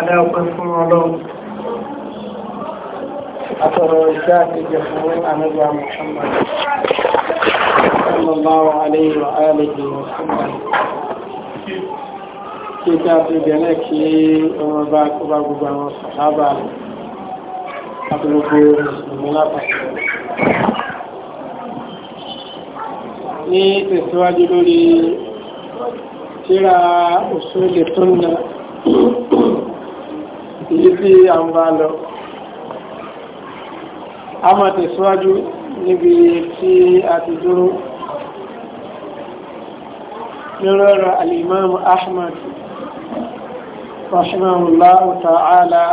aláwọ̀pẹ́ fún ọlọ́run àtọ̀rọ̀ ìṣẹ́ àtijọ́ fún àmẹ́gbà Muhammad sallallahu alayhi wa alihi wa sallam kí kí a ti gẹ̀ẹ́lẹ̀ kí ọmọ bá kó bá gbogbo àwọn sàhábà àti gbogbo mùsùlùmí lápapọ̀ ní tẹ̀síwájú lórí tíra òṣèlè tó náà tí a ń bá lọ a máa tẹ̀síwájú níbi tí a ti dúró nírọ̀rọ̀ al-Imam Ahmad rahimahullahu ta'ala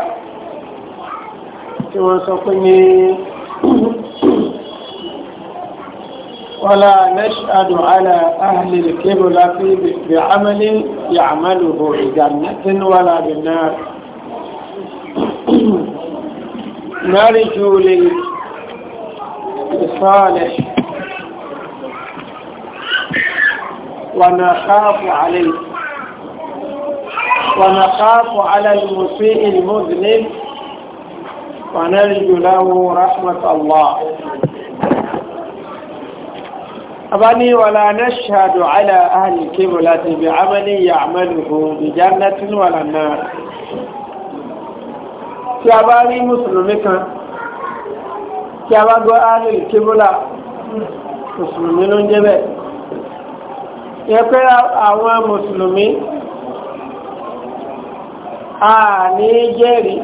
tí wọ́n sọ pé ní wala nash'adu ala ahli al-qibla fi bi'amalin ya'maluhu bi jannatin wala bin nar نرجو للصالح ونخاف عليه ونخاف على المسيء المذنب ونرجو له رحمة الله أبني ولا نشهد على أهل الكبلة بعمل يعمله بجنة ولا نار tí a bá rí mùsùlùmí kan tí a bá gbọ́ áàlì kíbúlà mùsùlùmí ló ń jẹ́ bẹ́ẹ̀ yẹ pé àwọn mùsùlùmí a ní jẹ́rìí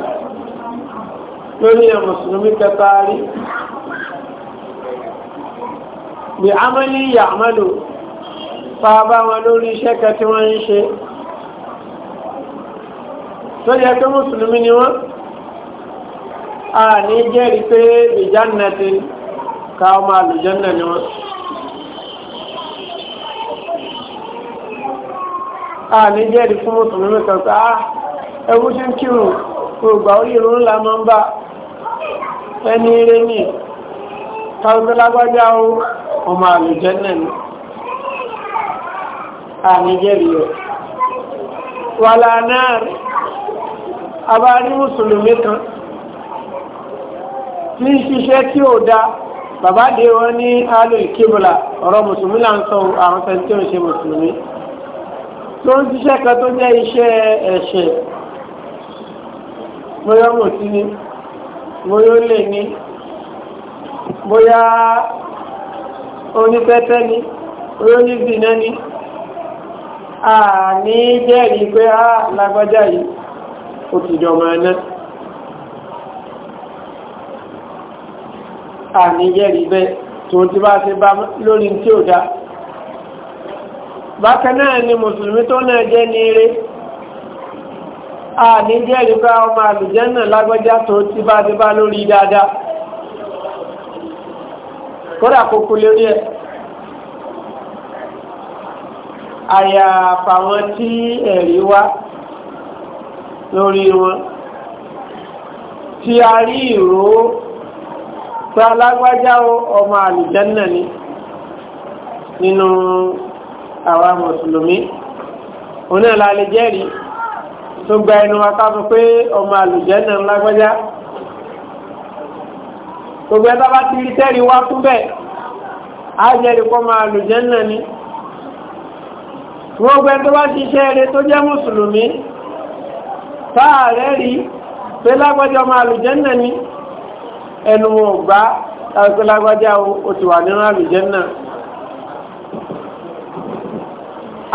lórí ẹ̀ mùsùlùmí kẹta rí bí amẹ́lì yàmẹ́lò fa bá wọn lórí iṣẹ́ kẹtí wọ́n ń ṣe tó yẹ pé mùsùlùmí ni wọ́n a ní jẹ́rìí pé ìjánẹ̀tì ká ọmọ àlùjẹ́nà ni wọ́n. a ní jẹ́rìí fún mùsùlùmí kan pé ah, ẹwú tí ń kírun gbogbo àwọn ìrún ńlá máa ń bá ẹni eré ní tàbí lágbájá ọmọ àlùjẹ́nà ni a ní jẹ́rìí rẹ̀ wàlá náà abá ní mùsùlùmí kan ní ṣiṣẹ́ tí o da bàbá de wọn ní ọ̀rọ̀ mùsùlùmí là ń sọ àwọn tí ń ṣe mùsùlùmí tó ń ṣiṣẹ́ kan tó jẹ́ iṣẹ́ ẹ̀ṣẹ̀ ni bóyá ó lè ní bóyá onípẹ́tẹ́ ni bóyá ni àní jẹ́rìí pé á ah, lágbájá yìí ó àníyẹ́rì bẹ́ẹ̀ tó ti bá ṣe bá lórí tí ò dá bákan náà ni mùsùlùmí tó náà jẹ́ ní eré àníyẹ́rì bá ọmọ àlùjẹ́nà lágbájá tó ti bá ṣe bá lórí dáadáa kódà kókó lórí ẹ̀ àyàfà tí ẹ̀rí wá lórí wọn tí a rí ìró sọ alágbájá ọmọ àlùjànnà ni nínú àwa mùsùlùmí òun náà la lè jẹ́rìí tó gba ẹnu wa ká sọ pé ọmọ àlùjànnà ńlágbájá gbogbo ẹ̀ta bá ti rí tẹ́rì wá fún bẹ́ẹ̀ á jẹ́rìí kọ́ ọmọ àlùjànnà ni wọ́n gbẹ́ tó bá ti ṣe eré tó jẹ́ mùsùlùmí táà rẹ́ rí pé lágbájá ọmọ àlùjànnà ni ẹnu wọn gbá ẹgbẹ́ lágbájá o ti wà nínú àlùjẹ́ náà.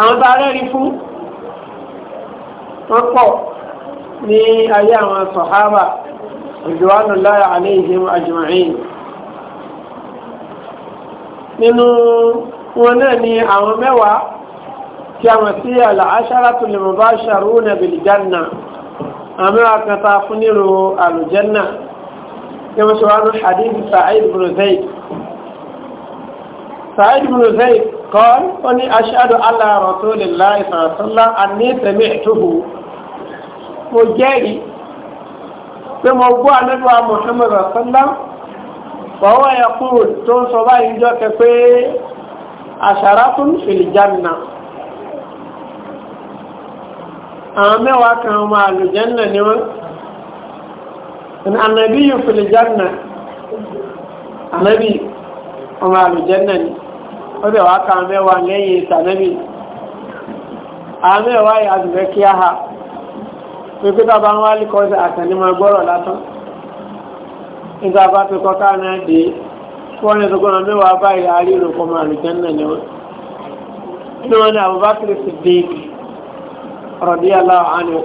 àwọn tá a rẹ́rí fún wọ́n pọ̀ ní ayé àwọn sọ̀hábà ridwanullahi alayhim ajma'in nínú wọn náà ni àwọn mẹ́wàá tí a mọ̀ sí al-asharatu al-mubashiruna bil janna àmì àkàtà fún nílò àlùjẹ́ náà كما سؤال حديث سعيد بن زيد سعيد بن زيد قال أني أشهد على رسول الله صلى الله عليه وسلم أني سمعته وجاري كما هو ندوى محمد صلى الله عليه وسلم فهو يقول تون صباح يجوك في عشرة في الجنة أما وكان مع الجنة نوان ní anabi yìí fìlì jánà anabi ọmọ àlùjánà ni ó dẹ̀ wá kàn mẹ́wàá lẹ́yìn ìsànẹ́bì àmẹ́wàá yà zùbẹ́ kí á ha pípé bàbá ń wálé kọ́ sí àtẹnumọ́ gbọ́rọ̀ látán nígbà bá ti kọ́ ká náà dé wọ́n ní sọ́kọ́nà mẹ́wàá báyìí àárírò kọ́ máa àlùjánà ni wọ́n inú wọn ni Abubakar Siddiq radiyallahu anhu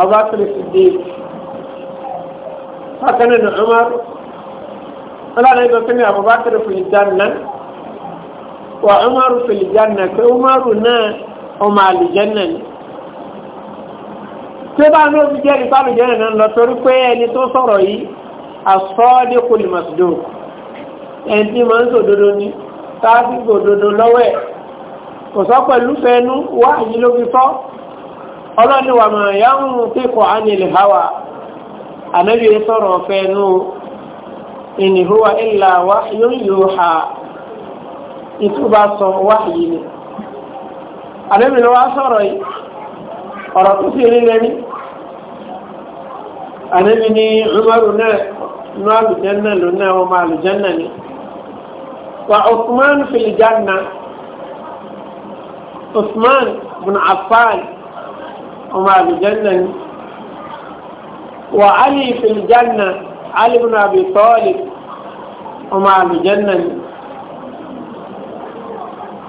Abubakar Siddiq haka nan umar Allah ne ba kani abubakar fil janna wa umaru fil janna ko umaru na ọmọ aljanna ni tí ó bá ní òbí jẹ́ nípa aljanna náà lọ torí pé ẹni tó sọ̀rọ̀ yìí as-sadiqul masduq ẹni tí máa ń sòdodo ni táàbí gbòdodo lọ́wọ́ ẹ̀ kò sọ pẹ̀lú fẹnu wá yìí ló fi sọ ọlọ́ni wà máa yáhùn kíkọ̀ ánìlè hawa ànábì ń sọ̀rọ̀ fẹ́nu in huwa illa wahyun yuha ìtúbà sọ wáyé ni ànábì ló wá sọ̀rọ̀ yìí ọ̀rọ̀ tó sì rí lẹ́ni ànábì ní Umaru náà nú àlùjẹ́nà ló náà wọ́n máa àlùjẹ́nà ni wa Uthman fil janna Uthman bin Affan wọ́n máa ni. وعلي في الجنة علي بن أبي طالب ومع الجنة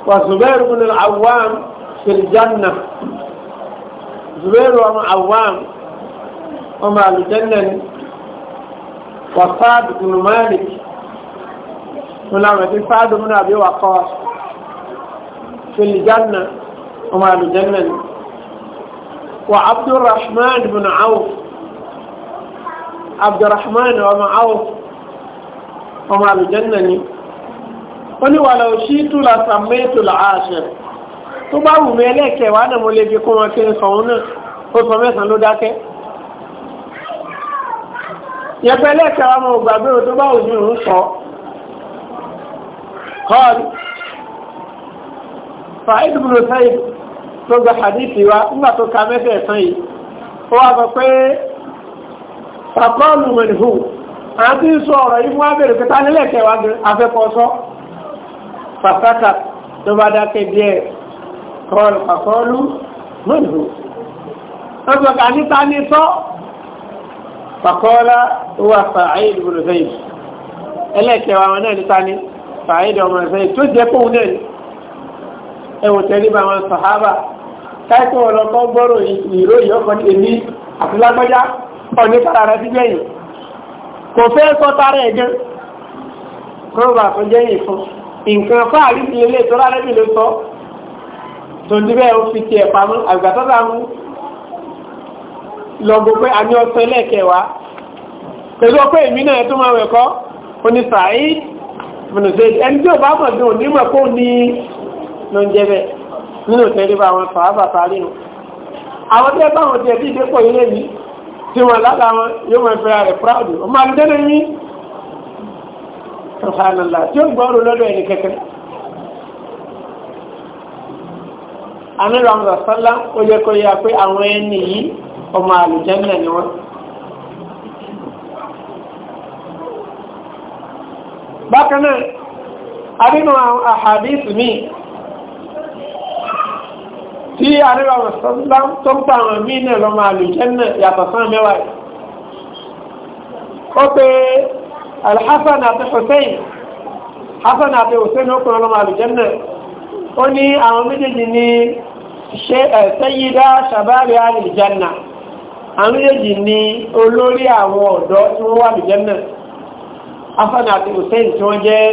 وزبير بن العوام في الجنة زبير بن العوام ومع الجنة وصاد بن مالك ولما صاد بن أبي وقاص في الجنة ومع الجنة وعبد الرحمن بن عوف abdulrahman ọmọ awf ọmọ àlùjẹ́nà ni ó ní wà lọ́wọ́ sí tùlà sàmẹ́tò làásẹ tó bá wù mí ẹlẹ́kẹ̀wá náà mo lè fi kún wọn kí n sọ̀hún náà ó sọ mẹ́sàn-án ló dákẹ́ yẹpẹ lẹ́kẹ̀ẹ́ ọmọ ògbàgbé o tó bá òjú ń sọ kọ́ọ̀lù fàáìdì bùrù sáyid tó gba hadithi wa nígbà tó ka mẹ́fẹ̀ẹ́ sàn yìí ó wá sọ pé fàkọ́ọ̀lù mẹ́lìfò àti sọ ọ̀rọ̀ yìí fún abẹ́rẹ́ pẹ́ta nílẹ̀ kẹwàá afẹ́kọ̀ọ́sọ́ fàkàtà tó bá dákẹ́ díẹ̀ kọ́ọ̀lù fàkọ́ọ̀lù mẹ́lìfò ọgbọ̀gá níta ní sọ fàkọ́ọ̀lá wà fàáyé ìdúró sẹ́yìn ẹlẹ́kẹwàá wọn náà níta ní fàáyé ìdúró sẹ́yìn tó jẹ́ kóhun náà ẹ̀wọ̀n tẹ́lẹ̀ bá wọn sàhábà káìkọ́ ọ̀ní tàrà rẹ̀ sí jẹ́yìn kò fẹ́ sọ tàrà ẹ̀gẹ́ kọ́ bà fún jẹ́yìn fún nǹkan fún àríkì ilé tó rárẹ́ bí ló sọ tó ń dúbẹ́ ó fi ti ẹ̀ pamọ́ àgbàtọ́ta mú lọ́gbọ́ pé a ní ọ̀sẹ̀ lẹ́ẹ̀kẹwàá pẹ̀lú ọpẹ́ èmi náà tó máa wẹ̀kọ́ oní Sa'id mùnùsẹ̀ ẹni tí ò bá mọ̀ dùn ní kó ní ló ń jẹ́ nínú tẹ́lẹ̀ bá wọn sọ àbàtà rí wọn àwọn tẹ́ bá wọn jẹ́ bí ìdẹ́pọ̀ ilé yìí tí wọn lára wọn yóò máa fẹ́ra rẹ̀ púráùdù ọmọ àdúgbò ní ṣùhánàlá tí ó gbọ́rù lọ́dọ̀ ẹni kẹ́kẹ́ anírànlá sálá ó yẹ kó yá pé àwọn ẹni yìí ọmọ àlùjànnà ni wọ́n bákan náà adínú àwọn míì tí àríwá ọ̀sánlá tó ń pa àwọn míì náà lọ́mọ àlùjẹ́nà yàtọ̀ sáà mẹ́wàá yìí ó pé alhassan àti hussein hassan àti hussein ó kúrò lọ́mọ àlùjẹ́nà ó ní àwọn méjèèjì ní sayyida shabari àlùjẹ́nà àwọn méjèèjì ní olórí àwọn ọ̀dọ́ tí wọ́n wà àlùjẹ́nà hassan àti hussein tí wọ́n jẹ́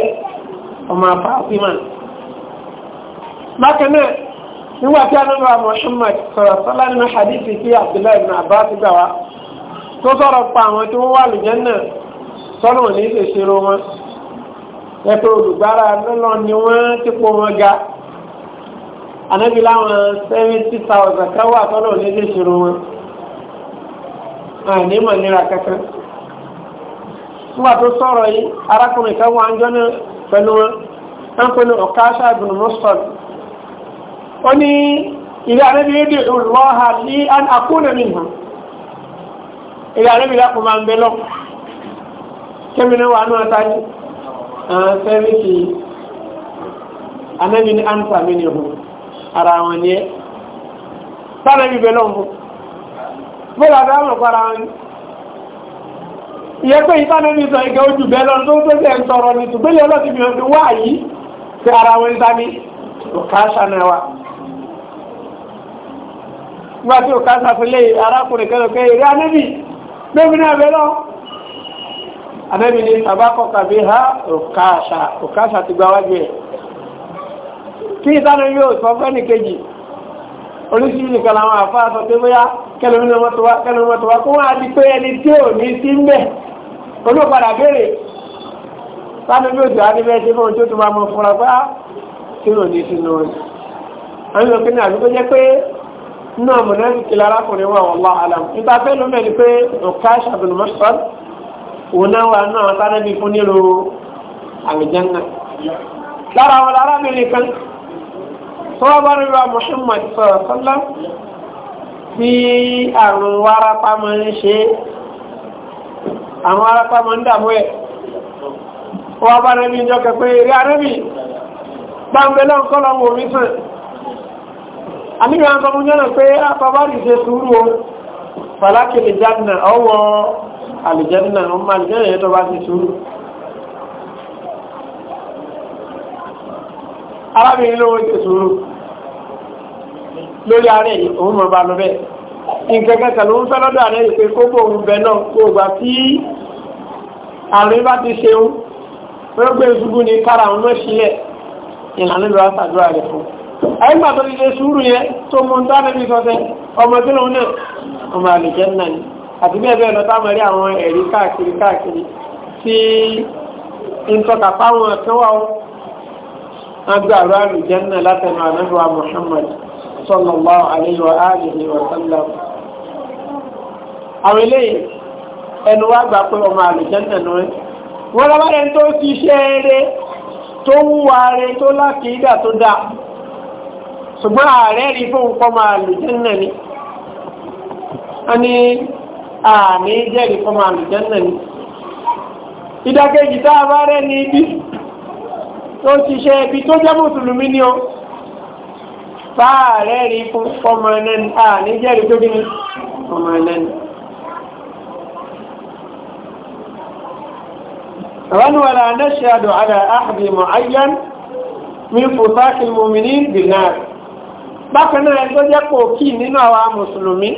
ọmọ Fatima bákan nígbà tí anábà Muhammad sọ̀rọ̀ sọ́lá nínú hadithi sí Abdullahi ibn Abbas gbà wá tó sọ̀rọ̀ pa àwọn tí wọ́n wà lùjẹ́nà sọ́nà ní ìṣèṣirò wọn ẹ̀pẹ́ olùgbára lọ́lọ́ ni wọ́n ti pò wọn ga anábì láwọn seventy thousand kan wà sọ́nà ní ìṣèṣirò wọn kankan nígbà tó sọ̀rọ̀ yìí arákùnrin kan wà ń jọ́nà pẹ̀lú ó ní ilé àrẹ́bí rédè olùwáhà ní àkóónà nìyàn ilé àrẹ́bí lápò máa ń bẹ lọ kẹ́mìnà wà ní àtàrí sẹ́ríkì anẹ́bí ní àǹtà mi ni hù ara wọn ni ẹ́ sáré bíbẹ̀ lọ́wọ́ fún mọ́lá àdáwọn ọ̀pára wọn ìyẹ́ pé ìtànà ní sọ ìgẹ́ ojú bẹ́ẹ̀ lọ́nà tó tó tẹ́ ń sọ̀rọ̀ ní tùgbélé ọlọ́tí mi wọ́n fi wá ara wọn dání ọ̀káṣà náà nígbà tí ò káńsà fi lé arákùnrin kẹlẹ pé eré anẹ́bì gbẹ́bí náà bẹ́ lọ. anẹ́bì ni bàbá kọkà bí ha òkàṣà òkàṣà ti gba wájú ẹ̀. kí ìtànà yóò sọ fẹ́ni kejì oríṣiríṣi nìkan làwọn àfa sọ pé bóyá kẹlẹ́mí náà mọ́tò pé nínú àmọ̀lẹ́bí kìlá arákùnrin wà wọ́n wá alam nípa fẹ́ ló mẹ́rin pé ọ̀káṣ abdulmasud òun náà wà náà sárébi fún nílò àlùjánná lára wọn arábìnrin kan tó wá bá rírà Muhammad sọ̀rọ̀ sọ́lá tí àrùn wárápá máa ń ṣe àwọn wárápá máa ń dààmú ẹ̀ wọ́n bá rẹ́bí ìjọ kẹ pé rí arẹ́bí gbàǹgbẹ́lẹ́ ọ̀kọ́lọ́wọ̀ omi sàn àmìrì àwọn ọmọ yọ́nà pé àpapàrí ah, ṣe sùúrù o fàlákì lè jánà ọwọ́ àlìjẹ́nà ọmọ àlìjẹ́nà yẹ́ tó bá ti sùúrù arábìnrin lówó ti sùúrù lórí ààrẹ òun mọ̀ bá lọ bẹ́ẹ̀ ìkẹ́kẹ́kẹ́ ló ń fẹ́ lọ́dọ̀ ààrẹ ìpé kókó òun bẹ náà kó gbà tí ààrẹ bá ti ṣeun wọ́n gbé ìṣubú ní kára òun náà sílẹ̀ ìlànà ìlú rẹ̀ fún àyígbà tó lè sùúrù yẹ tó mú dáná bí sọ́tẹ́ ọmọ tí lòun náà ọmọ àlùjẹ́ náà ni àti bẹ́ẹ̀ bẹ́ẹ̀ lọ táwọn rí àwọn ẹ̀rí káàkiri káàkiri tí ń tọ́ka fáwọn tó wà ó wọ́n gbé àrùn àlùjẹ́ náà látẹnu ànábìwá Muhammad sallallahu alayhi wa alihi wa sallam àwọn eléyìí ẹnu wá gbà pé ọmọ àlùjẹ́ náà ni wọ́n lọ́wọ́ ẹni tó ti ṣe eré tó wúwa eré tó lákìídà tó dáa ṣùgbọ́n ààrẹ rí fún nǹkan máa lù jẹ́nà ni a ní ààrẹ jẹ́rì fún máa lù jẹ́nà ni ìdákejì tá a bá rẹ̀ ní ibi tó ti ibi tó jẹ́ mùsùlùmí ni ó bá rí fún ọmọ ẹ̀nà ni ààrẹ jẹ́rì tó bí ọmọ ẹ̀nà ni. ولا نشهد على أحد معين من فساق المؤمنين بالنار bákan náà tó jẹ́ pò kí nínú àwa mùsùlùmí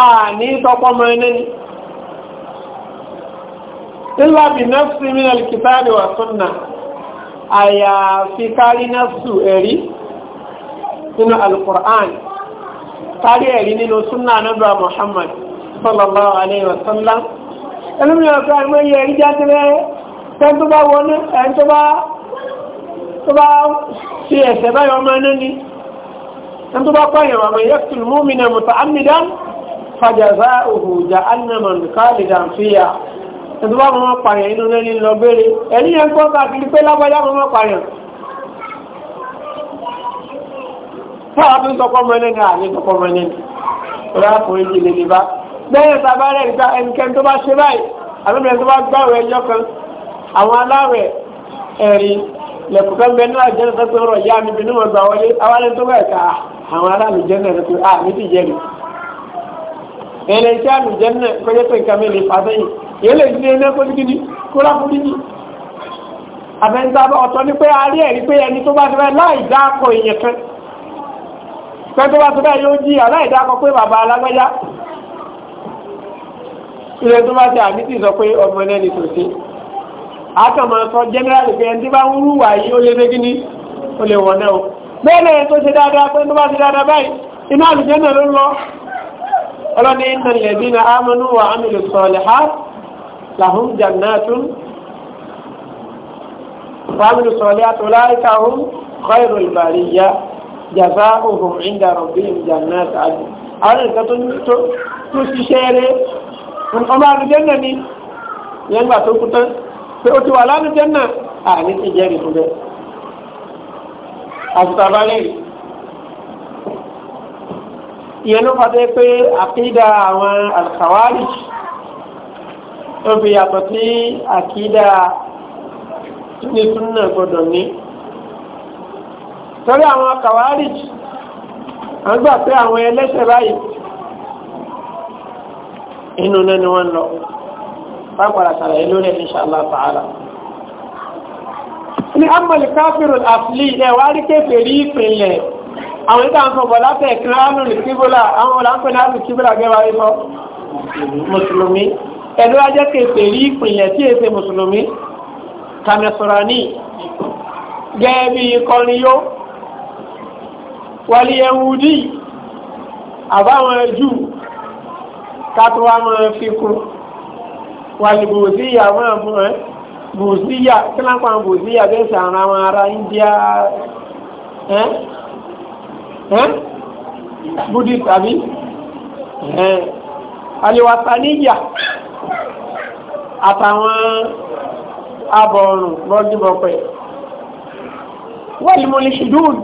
a ní tọpọmọ ẹni ni illa bi nafsi min alkitabi wa sunna àyàfi kárí nafsu ẹ̀rí nínú alkùrán kárí ẹ̀rí nínú sunna anábà muhammad sallallahu alaihi ẹ̀ṣẹ̀ báyọ̀ ọmọ ẹni ẹni tó bá pààyàn àmọ́ yaqtul mu'mina muta'ammidan fajaza'uhu jahannama khalidan fiha ẹni tó bá mọ́ pààyàn inú lẹ́ni lọ béèrè ẹni yẹn gbọ́ káàkiri pé lábájá mọ́ pààyàn táwa tó ń sọpọ́ mọ́ ẹlẹ́ni àní sọpọ́ mọ́ ẹlẹ́ni ọ̀rẹ́ àkùnrin jì lè lè bá bẹ́ẹ̀ tàbá rẹ̀ nípa ẹnikẹ́ni tó bá ṣe báyìí àbẹ́bẹ̀rẹ̀ tó bá gbàwẹ̀ ẹjọ́ kan àwọn aláwẹ̀ ẹ̀rí àwọn ará àlùjẹ́nà rẹ̀ pé a ah, mi ti jẹ́ rí ẹ̀rẹ̀ iṣẹ́ pé nǹkan mẹ́lẹ̀ fàtẹ́yìn èyí lè ní ẹni kó dígí kó láfún dígí àbẹ̀ntàbọ̀ ọ̀tọ̀ ni pé a rí ẹ̀rí pé ẹni tó bá ti bẹ́ẹ̀ láì dá akọ èèyàn kan pé tó bá ti bẹ́ẹ̀ yóò jí aláì dá akọ pé bàbá alágbájá ilé tó bá ti àmì ti sọ pé ọmọ ẹni tó ṣe àtọ̀mọ̀ sọ jẹ́nẹ́rálì pé ẹni tí bá ń rúwà bẹ́ẹ̀lẹ̀ tó ṣe dáadáa pé tó bá ṣe dáadáa báyìí iná àlùjẹ́nà ló lọ ọlọ́ni iná lẹ̀bí na ámọ́nú wa ámìlù sọ̀lẹ̀há làhún jannatun wa ámìlù sọ̀lẹ̀há tó láríkà hún kọ́ìrò ìbàríyá jàzá ohun ìdá rọ̀bí jannat àwọn ìkan tó ṣiṣẹ́ àti bàbá lẹ́yìn. ìyẹn ló fàdé pé àkídà àwọn alkhawarij tó fi yàtọ̀ sí àkídà ní súnà gbọdọ̀ ní. torí àwọn a wọ́n gbà pé àwọn ẹlẹ́ṣẹ̀ báyìí inú náà ni wọ́n lọ. Bá padà sàlàyé lórí ẹ̀ ní sàlá tààlà ní amọ̀lì káfíìrù àfìlì ilẹ̀ wá rí kéfèrí ìpìlẹ̀ àwọn ìta ń sọ̀bọ̀ látẹ̀ kíláàlù kíbùlà àwọn olàǹkọ̀ ní àlù kíbùlà gẹ́wà rí lọ mùsùlùmí ẹ̀lú ajẹ́ kéfèrí ìpìlẹ̀ tí èsè mùsùlùmí kàmẹ́sọ̀rání gẹ́ẹ̀bí kọriyó wàlí ẹ̀wùdí àbáwọn jù kátó wá máa fi kú wàlìbòsí àwọn àbúrò bòsíyà kí ló ń pa bòsíyà bẹ́ẹ̀ sàrán àwọn ará India ẹ́ ẹ́ buddhist àbí ẹ́ aliwasaniya àtàwọn abọ̀ọ̀rùn lọ́dúnbọ̀pẹ̀ wọ́n ìmọ̀lẹ̀ ṣìdúùn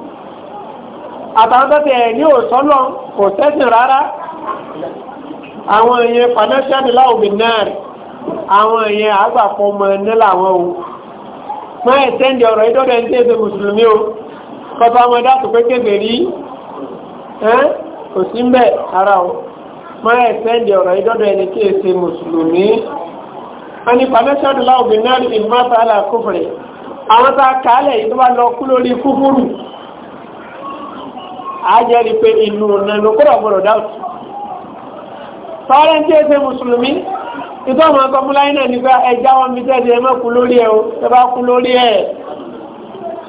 àtàwọn tẹ́tẹ̀ ní òsọ́lọ́ kò tẹ́sìn rárá àwọn èèyàn financial law bin náà àwọn èèyàn àgbàpọ̀ ọmọ ẹni làwọn o wọ́n ẹ̀ tẹ́ndì ọ̀rọ̀ ìdọ́dẹ̀ ní ẹ̀sẹ̀ mùsùlùmí o kọba ọmọ dátù pé kébè rí kò sí ń bẹ̀ ara o wọ́n ẹ̀ tẹ́ndì ọ̀rọ̀ ìdọ́dẹ̀ ní kí ẹ̀sẹ̀ mùsùlùmí wọ́n ní pàmẹ́sọ̀dù láòbí náà ní ìmọ̀tàlá kúfùrẹ̀ àwọn tá a kàálẹ̀ yìí tó bá lọ kú lórí kúfùrù àjẹrí pé ìlú ọ̀nà lókùrọ̀ gbọ́dọ̀ ìtọ́ àwọn akọ́múláyé náà nígbà ẹja wọn bí tẹ́lẹ̀ ẹ má kú lórí ẹ o ẹ bá kú lórí ẹ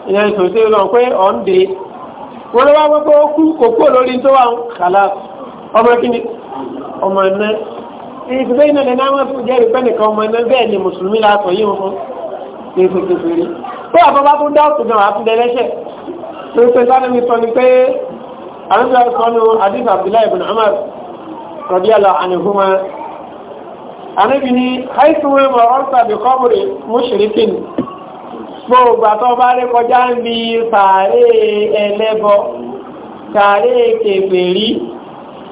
ìyẹn sòtẹ́ lọ pé ọ̀ ń dé wọ́n lọ́wọ́ gbogbo kú kò lórí tó wà ń kàlá ọmọ kíni ọmọ ẹ̀nà ìfẹ́ iná lẹ́nà àwọn fún jẹ́rìí ọmọ ẹ̀nà bẹ́ẹ̀ ni mùsùlùmí látọ̀ yìí wọn fún èso kékeré pé àbọ̀bá fún dáàtù náà wà fún ẹlẹ́ṣẹ̀ tó ń pè sáré mi sọ ibn umar radiyallahu anhuma àníbi ní haisuwe mọ̀rọ́sà bí kọ́bùrì mùsùlùmí gbogbo àtọ́ bá rí kọjá ń bi sàárè ẹlẹ́bọ sàárè kèfèrí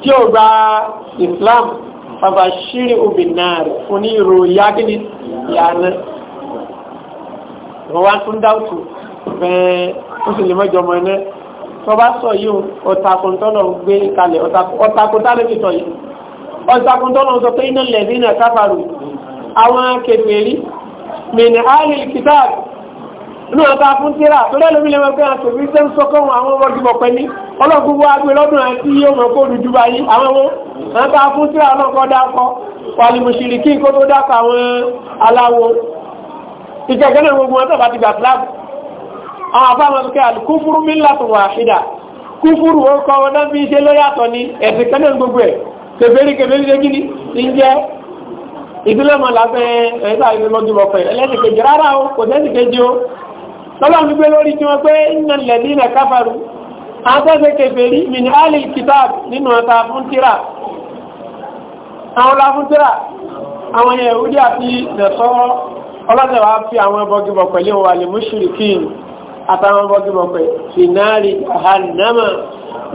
tí ó gba Islam fàbàṣírí obìnrin fún ìrò yagini yàna wọ́n wá tún dáùtù bẹ́ẹ̀ ó sì lè mọ́jọ mọ́ iná tó bá sọ yìí ọ̀tàkùntọ́nà gbé kalẹ̀ ọ̀tàkùntánẹ́bìtọ̀ yìí ọ̀sàkùntọ́nà sọ pé iná lẹ̀bí náà káfàrù àwọn kèfèrí mìnà áàlì kìtàb náà ta fún mi lẹ́mọ̀ pé àti òfin sẹ́ń sọ kọ́wọ́n àwọn ọmọ ìgbìmọ̀ pẹ́ ní ọlọ́gbùn wá gbé lọ́dún àti iye ọmọ kó dúdú báyìí àwọn ọmọ wọn ta fún tíra ọlọ́kọ́ dákọ wàlìmùsìlì kí kó tó dákọ àwọn aláwo ìjẹ̀gẹ́ náà gbogbo wọn tọ́ba ti gbà fúláàbù kèfèrí kèfèrí ṣe kíni ìjẹ ìdílé ọmọ làbẹ́ ẹ̀ẹ́dà ìlú lọ́dún ọ̀pẹ ẹlẹ́sìn kejì rárá o kò sẹ́sìn kejì o tọ́lá ń gbé lórí tí wọ́n pé iná lẹ̀dí ilẹ̀ káfàrú àtọ́sẹ̀ kèfèrí min áàlì kìtàb nínú ọ̀ta fún tíra àwọn ọlá fún tíra àwọn Yẹhudi àti nẹ̀sọ́ ọlọ́sẹ̀wà fi àwọn ẹbọgibọ̀ pẹ̀lú wà lè mushrikin àtàwọn ẹbọgibọ̀ pẹ̀ fi náàrí àhànàmà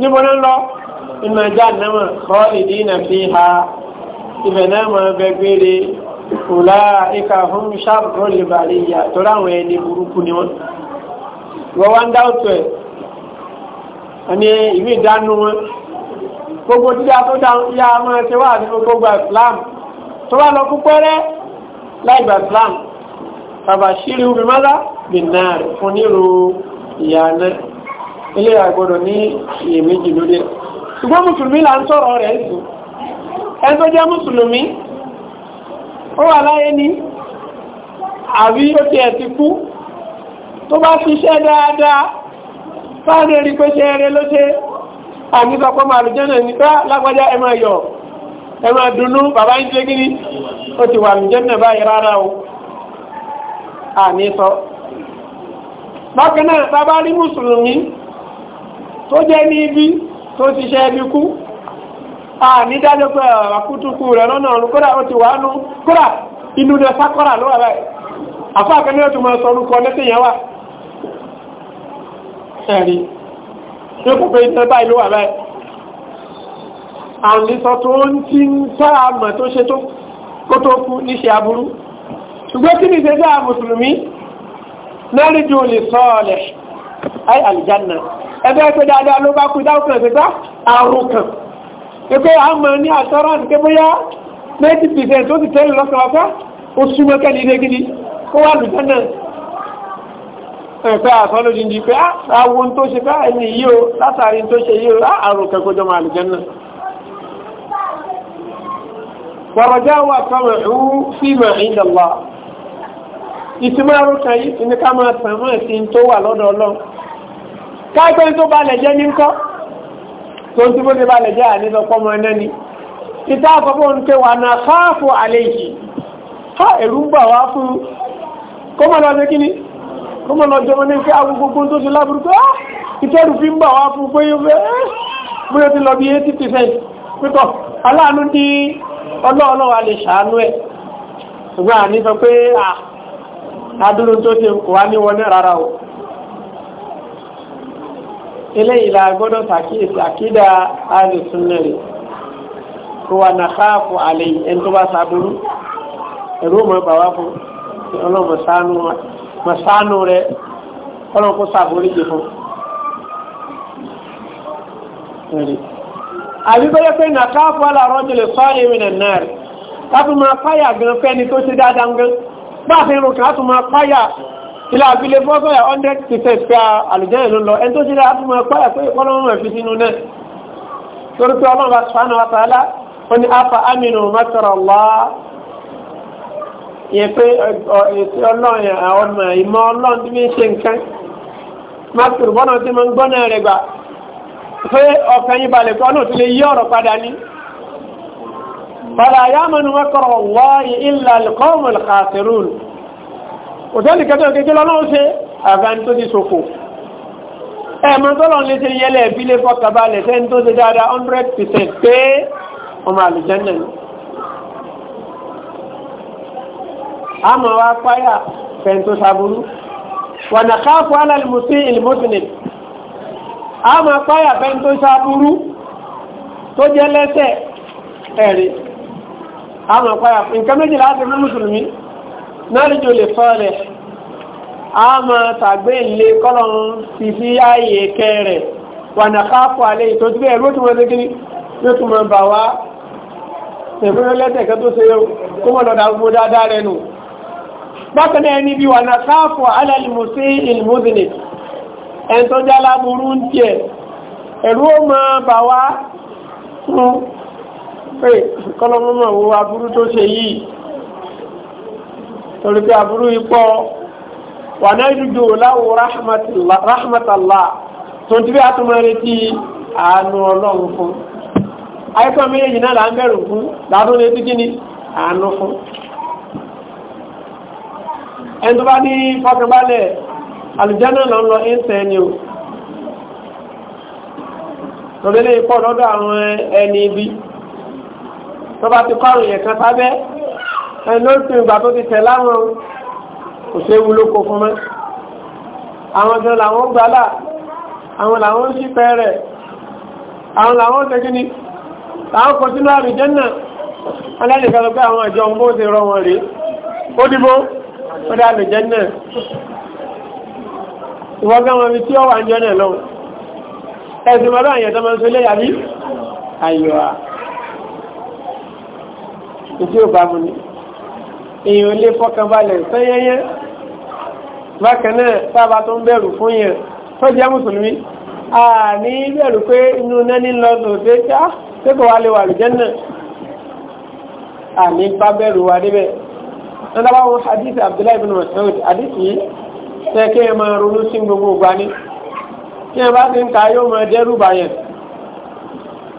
níbo ní lọ inú ẹja nàmà khalidina fiha ibẹ̀ náà mọ̀ ẹbẹ̀ gbére ulaika hum sharrul bariyya torí àwọn ẹni burúkú ni wọ́n. wọ́n wá ń dá òtún ẹ̀ ẹni ìwé ìdánú wọn gbogbo dídá tó dá yá máa ṣe wá àti gbogbo Islam tó bá lọ púpọ̀ rẹ́ láì gba Islam bàbá ṣírí omi mọ́lá bìnnà fún nílùú ìyá náà ilé àgbọ̀dọ̀ ní iyèméjì lóde ṣùgbọ́n mùsùlùmí là ń sọ̀rọ̀ rẹ̀ ìsù ẹgbẹ́ jẹ́ mùsùlùmí ó wà láyé ní àbí ó ti ẹ̀ ti kú tó bá ṣiṣẹ́ dáadáa fáàrí rí pé ṣe eré ló ṣe àmìsọpọ̀ màlùjẹ́nà nípa lágbájá ẹ máa yọ̀ ẹ máa dùnnú bàbá ń ṣe gírí ó ti wà lùjẹ́nà báyìí rárá o àní sọ bákan bàbá rí mùsùlùmí tó jẹ́ ní ibi tó ti ṣe ẹbí kú àní dájọ́ pé àkútùkù rẹ̀ lọ́nà ọ̀run kódà ó ti wà nù kódà inú rẹ̀ sákọ́rà ló wà báyìí àfọ́ àkẹ́lẹ́ ó tún máa sọ orúkọ lẹ́sẹ̀ yẹn wà ẹ̀rí tí ó kò pé ìtẹ́ báyìí ló wà báyìí àrùnlẹ́sọ tó ń tí ń tára mọ̀ tó ṣe tó kó tó kú níṣẹ́ aburú ṣùgbọ́n kí ni ìṣẹ́jọ́ mùsùlùmí náà ju olè sọ́ọ̀lẹ̀ àìjánà ẹgbẹ́ ẹgbẹ́ dáadáa ló bá kú dáúkàn ẹ̀sẹ̀gbá àrùn kan pé a mọ̀ ní àtọ́rọ̀ àti kébóyá 90% tó ti tẹ́lẹ̀ lọ́sàn ọ̀fẹ́ ó súnmọ́ kẹ́lì ilé gidi kó wà lùjẹ́ náà ẹ̀fẹ́ àtọ́ ló jíjí pé àwọn ah, tó ṣe fẹ́ ẹni yìí o látàrí tó ṣe yìí o ah, àrùn kan kó jọmọ àlùjẹ́ náà wàrọ̀já wà tọ́mọ̀ ìwú fíìmọ̀ ìdàlá ìtìmọ̀ àrùn kan yìí ní ká máa tàn mọ́ sí tó wà lọ́dọ̀ ọlọ́run káàkiri tó bá lẹ̀ jẹ́ ní ńkọ́ tó ń túbọ̀ ní bá lẹ̀ jẹ́ àníbẹ̀ pọ́mọ ẹ̀nẹ́ ni ìta àkọ́kọ́ ń ké wà náà káàfù àlejì ká ẹ̀rù ń bà wá fún kọ́mọ̀lọ́ ní kíní kọ́mọ̀lọ́ jọmọ ní pé agogogun tó ti lábúrú pé ah! ìtẹ́rù fi ń bà wá fún pé eh! ah! ní ọlọ́ọ̀lọ́wà ní rárá o eléyìí la gbọ́dọ̀ sàkíyèsí àkídà alùsùnmẹ̀rì kó wa nà káàfù àlè ẹni tó bá sàbúrú ẹ̀rú mọ̀ bàwá fún ọlọ́mọ sánú rẹ ọlọ́mọ kó sàbúrú jì fún. àbíbẹ́rẹ́ pé nà káàfù àlàrọ̀ jùlọ sọ́ọ̀rì ìwìnà náà rẹ̀ láti máa páyà gan fẹ́ni tó ṣe dáadáa gan bá a fi rùn kí ilé àbílẹ̀ fún ọ́fẹ́ hundred percent pé àlùjẹ́yìn ló lọ ẹni tó ṣe dáa fún ẹ pààyà pé ọlọ́run rẹ̀ fi sínú náà torí pé ọlọ́run bá sùfàánù wa tààlà ó ní afa aminu mọ́tọ̀rọ̀ wá ìyẹn pé ètò ọlọ́run ọmọ ìmọ̀ ọlọ́run tí mi ń ṣe nǹkan mọ́tòrò bọ́nà tí mo ń gbọ́ náà rẹ̀ gbà pé ọkàn yín balẹ̀ pé ọlọ́run ti lè yí ọ̀rọ̀ padà ní. fàlàyé àmọ́nu mọ́tọ̀rọ̀ wá ìlà òtẹ́lì kẹtọ́ kéjọ́ lọ́nà ó ṣe àbáyé tó ti ṣòfò ẹ̀mọ́ tó lọ́n lè ṣe yẹlẹ̀ ìbílẹ̀ fọ́kàbalẹ̀ tẹ́ni tó ṣe dáadáa 100% pé ọmọ àlùjẹ́nà ni a mọ̀ wá páyà fẹ́ni tó ṣàbúrú wà nà káàkó alàlùmùsí ìlúmọ́sílẹ̀ a mọ̀ páyà fẹ́ni tó ṣàbúrú tó jẹ́ lẹ́sẹ̀ ẹ̀rí a mọ̀ páyà nǹkan méjìlá ti nárìjò lè fọ́lẹ̀ a mọ̀ tàgbé ilé kọ́lọ̀n ti fi ààyè kẹrẹ wà nà káàpù alẹ́ ìtọ́jú bẹ́ẹ̀ ló túnmọ̀ dékiri ló túnmọ̀ bà wá ẹ̀fúnrẹ́ lẹ́tẹ̀kẹ́ tó ṣe kó mọ̀ lọ́dà gbogbo dáadáa rẹ̀ nù bákan náà níbi wà nà káàpù alẹ́ ìmùsí ìlmúdìní ẹn tó já láburú ń tiẹ̀ ẹ̀rú ó bà wá fún pé kọ́lọ́mọ́mọ́ wo aburú tó ṣe yìí torí aburu ipo yìí pọ̀ wà náà dúdú láwù rahmatullah tòun ti bí atúmọ̀ retí àánú ọlọ́run fún ayíkọ́ méjèèjì náà là ń ni àánú fún na tó bá ní fọkànbalẹ̀ àlùjànnà lọ ni o tòun ti ẹni ó tún ìgbà tó ti tẹ̀ láwọn kò ṣe wúlò kó fún mọ́ àwọn gan làwọn gbálà àwọn làwọn ń ṣípẹ́ rẹ̀ àwọn làwọn tẹ́kí ni àwọn kò sínú àrìjẹ́ náà alẹ́nìkan lọ pé àwọn ìjọ ń bó ti rọ wọn rí ó dìbò ó dá àrìjẹ́ náà ìwọ́gán wọn bí tí ó wà ń jẹ́ náà lọ́wọ́ ẹ̀sìn mọ́rọ̀ àyẹ̀ tó máa ń sọlé yàbí àyọ̀wà ìtí ò bá mú ni èèyàn lè fọkànbalẹ̀ sẹ́yẹ́yẹ́ bákan náà sábà tó ń bẹ̀rù fún yẹn tó jẹ́ mùsùlùmí a ní bẹ̀rù pé inú nẹ́ni lọ́dún tó ṣá tó ah, kò wá lè wà lùjẹ́ náà a ní bá bẹ̀rù wa débẹ̀ nígbà wọn hadith abdullahi bin Mas'ud hadith yìí tẹ́ kí ẹ máa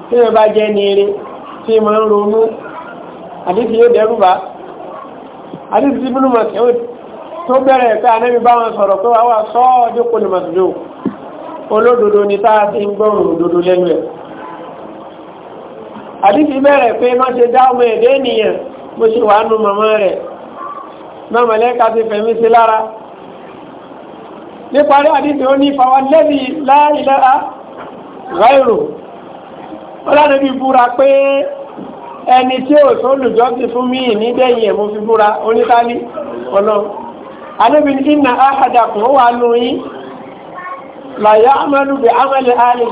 tí ẹ bá jẹ́ ní eré tí ẹ ń ronú hadith yóò dẹ́rù àdìsí ibùdó mọ̀síwò tó bẹ̀rẹ̀ pé anẹ́bí bá wọn sọ̀rọ̀ pé wàá sọ ọ́ dípò ní mọ̀síwò olódodo ni tá a ti ń gbọ́rùn òdodo lẹ́nu ẹ̀ àdìsí bẹ̀rẹ̀ pé má ṣe dá ọmọ ẹ̀dẹ́ ènìyàn mo ṣe wàá nu màmá rẹ̀ náà mọ̀lẹ́ka ti fẹ̀mí sí lára níparí àdíṣẹ́ ó ní fàwọlẹ́bí láìlára ráìrò ọlọ́nà búra pé ẹni tí ò tó ti fún mí nígbẹ̀yìn ẹ̀ fi búra onítàlí ọlọ́run anábì ní ìnà áhàdà kò wà nù yín làyà amẹ́lẹ̀ àlè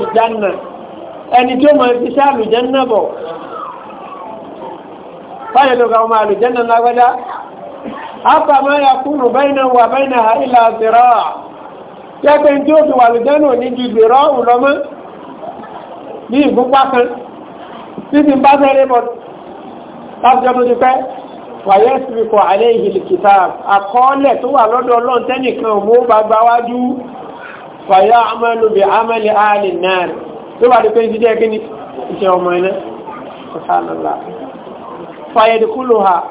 ẹni tí ó mọ̀ ti sẹ́ àlùjànnà bọ̀ báyìí ọmọ àlùjànnà lágbádá ápá máa kúrò wà ha títí bá fẹ́rẹ́ bọ̀ láwùjọ tó ti pẹ́ wàyẹ́ síbìkọ alẹ́ ìhìlì kìtà àkọọ́lẹ̀ tó wà lọ́dọ̀ ọlọ́run tẹ́nìkan òun bá gba wájú wàyẹ́ amẹ́lùbẹ̀ amẹ́lẹ̀ àlè náà tó wà ní pé ń ṣiṣẹ́ ọmọ ọ̀sánàlá ha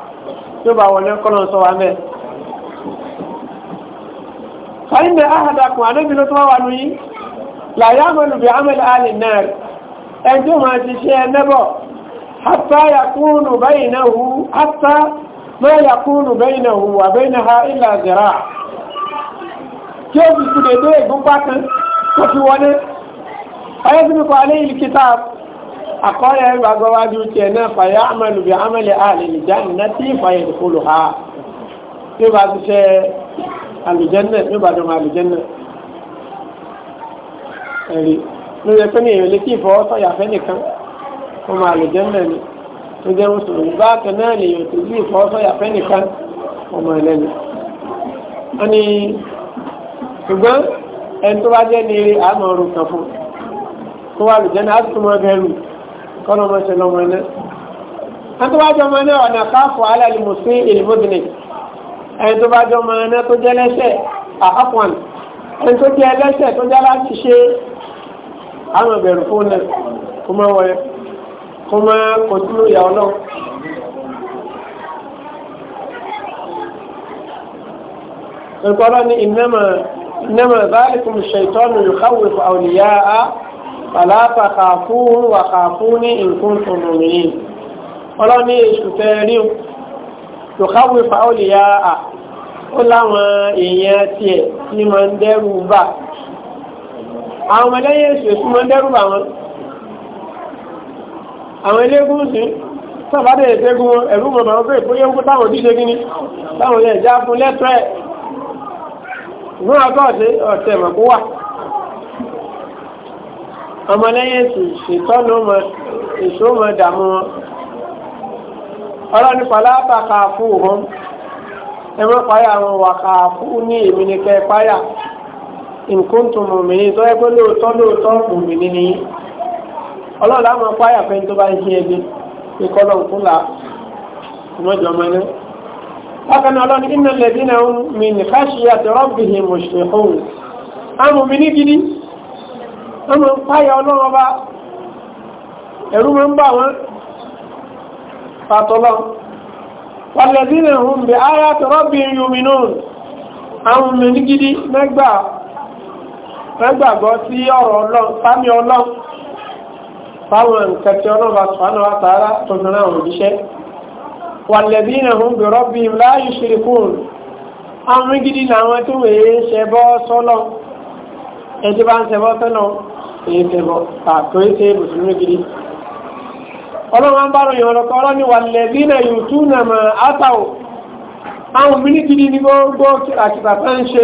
tó bá wọlé sọ ẹni tí ó máa ti ṣe ẹlẹ́bọ̀ hatta yakunu bainahu hatta ma yakunu bainahu wa bainaha illa zira' tí ó fi kùdè dé ìgúnpá kan tó fi wọlé ọyọ́ sí nípa alẹ́ al-kitab àkọ́yẹ̀ ìgbàgbọ́wájú tiẹ̀ náà fàyà àmàlù bí àmàlì àlèlè jáde tí ìfàyè ìkọlù ha tí bá ti ṣe àlùjẹ́nà tí bá dùn àlùjẹ́nà ẹ̀rí ló yẹ pé ní èèyàn lè kí ìfọwọ́ sọ̀yà fẹ́ nìkan kó máa lè jẹ́ mẹ́rin ni tó jẹ́ mùsùlùmí bákan náà lèèyàn tó bí ìfọwọ́ sọ̀yà fẹ́ nìkan ọmọ ẹlẹ́ni. wọ́n ní ṣùgbọ́n ẹni tó bá jẹ́ ní eré àmọ́ ọ̀rùn kan fún kó wà lè jẹ́ ní àtúntò mọ́ bẹ́ẹ̀rù kọ́nà ọmọ ṣe lọ́mọ ẹlẹ́. ẹni tó bá jọ ọmọ náà ọ̀nà káfọ́ alẹ́ mùsùlùmí ìlúmọ́bìnrin ẹni tó bá jẹ́ lẹ́sẹ̀ tó jẹ́ láti ṣe àwọn ìbẹ̀rù fún ẹ̀ kó má wọ ẹ kó má kojú ìyàwó náà. القرآن إنما إنما ذلكم الشيطان يخوف أولياءه فلا تخافوه وخافوني إن كنتم مؤمنين ọlọ́ni èṣù tẹ́rí o tó káwé fàáwò lè yá à ó láwọn èèyàn tiẹ̀ tí ma ń dẹ́rù bà àwọn ọmọlẹ́yìn èṣù èṣù máa ń dẹ́rù bà wọn àwọn eléégún sí sọ́fàdé ìṣẹ́gun wọn ẹ̀rú mọ̀mọ̀ ọgbẹ́ ìpóyé ń kú táwọn òjíṣẹ́ gíní táwọn ilẹ̀ ìjà fún lẹ́tọ́ ẹ̀ ní ọgọ́ ọ̀sẹ̀ ọ̀sẹ̀ mọ̀kú wà ọmọlẹ́yìn èṣù ṣètọ́nù èṣù mọ̀ dààmú wọn ọlọ́ni pàlápà kàáfù wọn ẹ̀mọ́ páyà wọn wà kàáfù ní èmi ní kẹ́ páyà nǹkóńtò mòmìnì tó yẹ pé lóòótọ́ lóòótọ́ mòmìnì ni ọlọ́run láwọn páyà fẹ́ tó bá ń ṣe ẹbí ikọ́ lọ́n kún ọmọ ẹni. bákan náà ọlọ́run iná lẹ́bí náà ń mi ní káṣíyà tó rọ́bì àwọn mòmìnì ọba mẹ́gbàá wọ́n gbàgbọ́ sí ọ̀rọ̀ ọlọ́run sámi ọlọ́run fáwọn nǹkan tí ọlọ́run bá sùpánù wá tààrà tó fi rán àwọn òjíṣẹ́ wàlẹ́bí náà ń bẹ̀rọ̀ bí láàyè ṣeré fóònù àwọn gidi làwọn tó wèé ṣẹbọ́ sọ́lọ́ ẹjọ́ bá ń ṣẹbọ́ sọ́lọ́ èyí ṣẹbọ́ àtò ìṣe mùsùlùmí gidi ọlọ́wọ́ ń bára yọ̀rọ̀ kọ́rọ́ ní wà lẹ́bí náà yóò tún nà mọ̀ átàwò àwọn mìírí gidi ní gbogbo àkìtà tó ń ṣe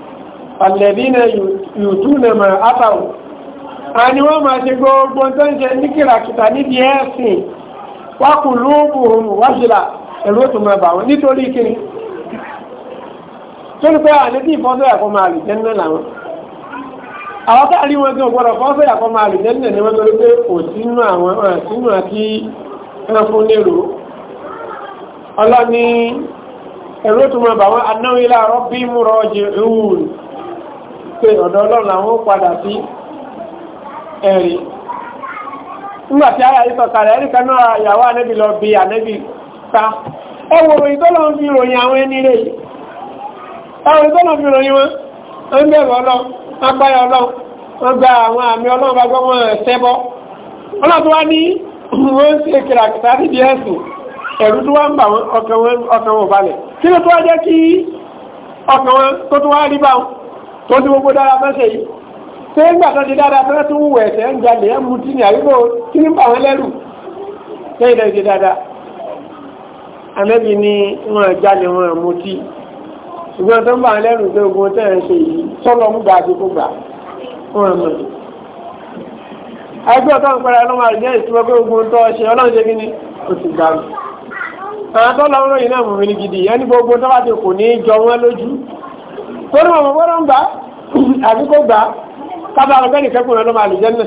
alẹ́dínà yùtúnà mà átàwù a ni wọ́n máa ṣe gbogbo tó ń ṣe ní kìràkìtà níbi ẹ̀sìn wákùnlú òun wáṣìlá ẹ̀rọ tó máa bà wọn nítorí kiri tó ní pé àdébí ìfọ́sọ́ ẹ̀kọ́ tí ó gbọ́dọ̀ máa lè jẹ́ ni wọ́n torí pé kò sínú àwọn sínú àti ẹran fún lérò ọlọ́ni ẹ̀rọ tó máa bà wọn anáwó mú rọ jẹ òun pé ọ̀dọ̀ ọlọ́run làwọn padà sí ẹ̀rí nígbà ara yìí sọ̀kalẹ̀ ẹ̀rí kan náà ìyàwó ànẹ́bì lọ bí ànẹ́bì ta fi ròyìn àwọn ẹni rẹ̀ yìí ẹ wo tó lọ́n fi ròyìn wọn ń bẹ̀rù ọlọ́run wọ́n gbáyà ọlọ́run wọ́n gba àwọn àmì ọlọ́run bá gbọ́ wọn ẹ̀sùn tó ti gbogbo dára fẹ́sẹ̀ yìí ṣé ń gbà tó ti dára fẹ́sẹ̀ tó ń wù ẹ̀sẹ̀ ń jalè ẹ̀ mú tí ní àyíkó kí ní bà wọ́n lẹ́rù ṣé ìdá ìṣe dáadáa anábì ni wọn jalè wọn mú tí ṣùgbọ́n tó ń bà wọ́n lẹ́rù pé ogun tẹ̀ ń ṣe yìí sọ́lọ́ mú gbà àti kó gbà wọn mọ̀ ẹgbẹ́ ọ̀tọ́ ìpẹ́rẹ́ ọlọ́mọ àrùjẹ́ ìtumọ̀ pé ogun tó ṣe ọlọ́run ṣe kí ni ó ti gbà mí àwọn tó lọ́rùn yìí náà mọ̀ mí ní gidi gbogbo tó bá torí wọn bọ́rọ̀ ń gbà àbí kó gbà kábà ọgbẹ́ nìkẹ́kùn rẹ̀ ló máa lè jẹ́ náà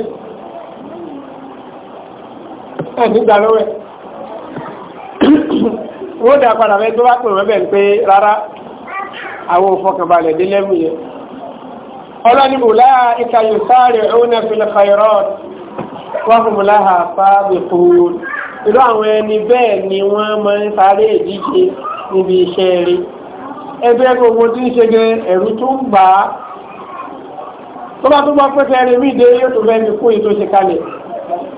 ẹ̀mí gbà lọ́wọ́ ẹ̀ wọ́n dà padà fẹ́ tó bá pè wọ́n bẹ̀ ń pé rárá àwọn òfọkànbalẹ̀ dé lẹ́mú yẹn ọlọ́ni bùlá ìka níbi iṣẹ́ rí ẹgbẹ́ gbogbo tí ń ṣe gẹ ẹ̀rú tó ń bà á tó bá tó gbọ́ pẹ́kẹ́ rẹ̀ mí dé yóò tó bẹ́ẹ̀ ní kó yìí tó ṣe kalẹ̀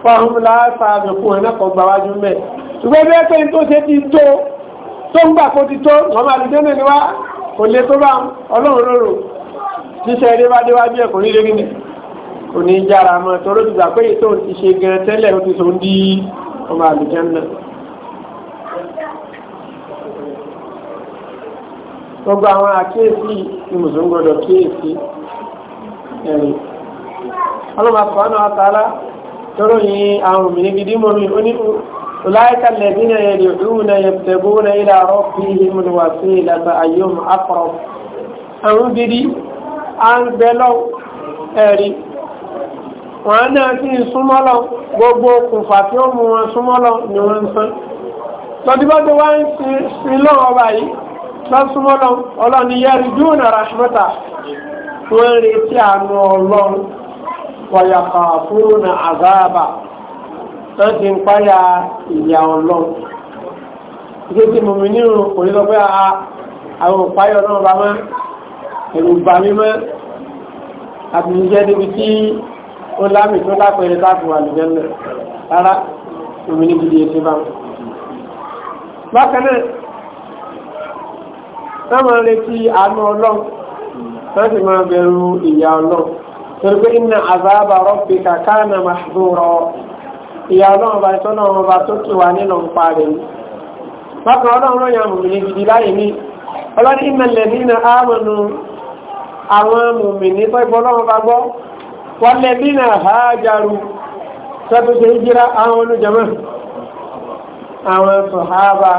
fọ́ọ̀rùn mi láàpá àbẹ̀ kó ẹ̀ náà kọ́ gbà wájú mẹ́ ṣùgbọ́n ẹgbẹ́ pé tó ṣe ti tó tó ń gbà kó ti tó wọ́n máa lè dẹ́nu níwá kò lè tó bá ọlọ́run lóró ṣíṣe eré bá déwájú ẹ̀ kò ní lérí ni kò ní jára mọ́ torí ti gbà pé ètò ti ṣe gan tẹ́lẹ̀ ó ti sọ ń dí ọmọ àlùjẹ́ náà gbogbo àwọn àkíyèsí ni mùsùlùmí gbọdọ̀ kíyèsí ẹ̀rì ọlọ́mà fọ́nà àtàlá tọ́rọ yìí àwọn òmìnir gidi mọ́mí oní ọláìka lẹ́bínà yẹ lè dùn náà yẹ tẹ̀bú náà yẹ dàrọ́ fi himu ni wà sí ìlànà ayọ́m akọ̀rọ̀ àwọn gidi à ń gbẹ lọ ẹ̀rì wọn náà sì ń súnmọ́ lọ gbogbo kùnfà tí ó mú wọn súnmọ́ lọ ni wọ́n ń sán lọ́dí bá ti wá ń sin lọ́wọ́ báyìí lọ́súnmọ́ ọlọ́run ni yẹ́rì júùnà ràṣmọ́ta wọ́n ń retí àánú ọlọ́run wọ̀yàkọ̀ fúnà àzáàbà tó ti ń páyà ìyà ọlọ́run ìgbé tí mo mi nírun kò ní lọ pé ah, ah, àwọn òpáyọ̀ náà bá mọ́ ẹ̀rù bà mí mọ́ àtìníṣẹ́ débi tí ó lámì tó lápẹẹrẹ táàkùn àlùjẹ́ náà rárá òmìnir wọ́n máa retí àánú ọlọ́run wọ́n sì máa bẹ̀rù ìyá ọlọ́run torí pé inna azaba rabbika kana mahdura ìyá ọlọ́run bá tọ́nà wọn bá tó kí wa nínú npa rẹ̀ ni. bákan ọlọ́run ló yan mùmìnì gidi láyé ní ọlọ́run inna alladhina amanu àwọn mùmìnì tó ìbọn ọlọ́run bá gbọ́ walladhina hajaru sẹ́tù ṣe hijira àwọn olùjẹ́mọ́ àwọn sọ̀hábà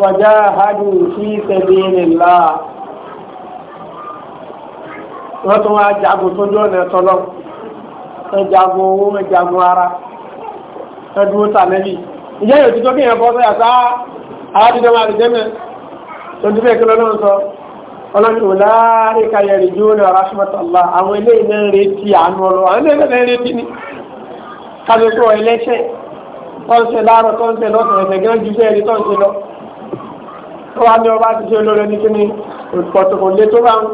وجاهدوا في سبيل الله wọ́n tún wá jagun sójú owó ẹ ara ẹ dúró sàmẹ́lì ìjẹ́ yóò títọ́ kí èèyàn bọ́ sẹ́yà sáá aládìjọ́ máa lè ọlọ́run àwọn ilé iná ń retí àánú àwọn ilé iná ń retí ni ẹlẹ́ṣẹ̀ láàárọ̀ lọ tó wá ní ọba ti ṣe olóore ní kíni ìpọ̀tòkò lé tó bá ń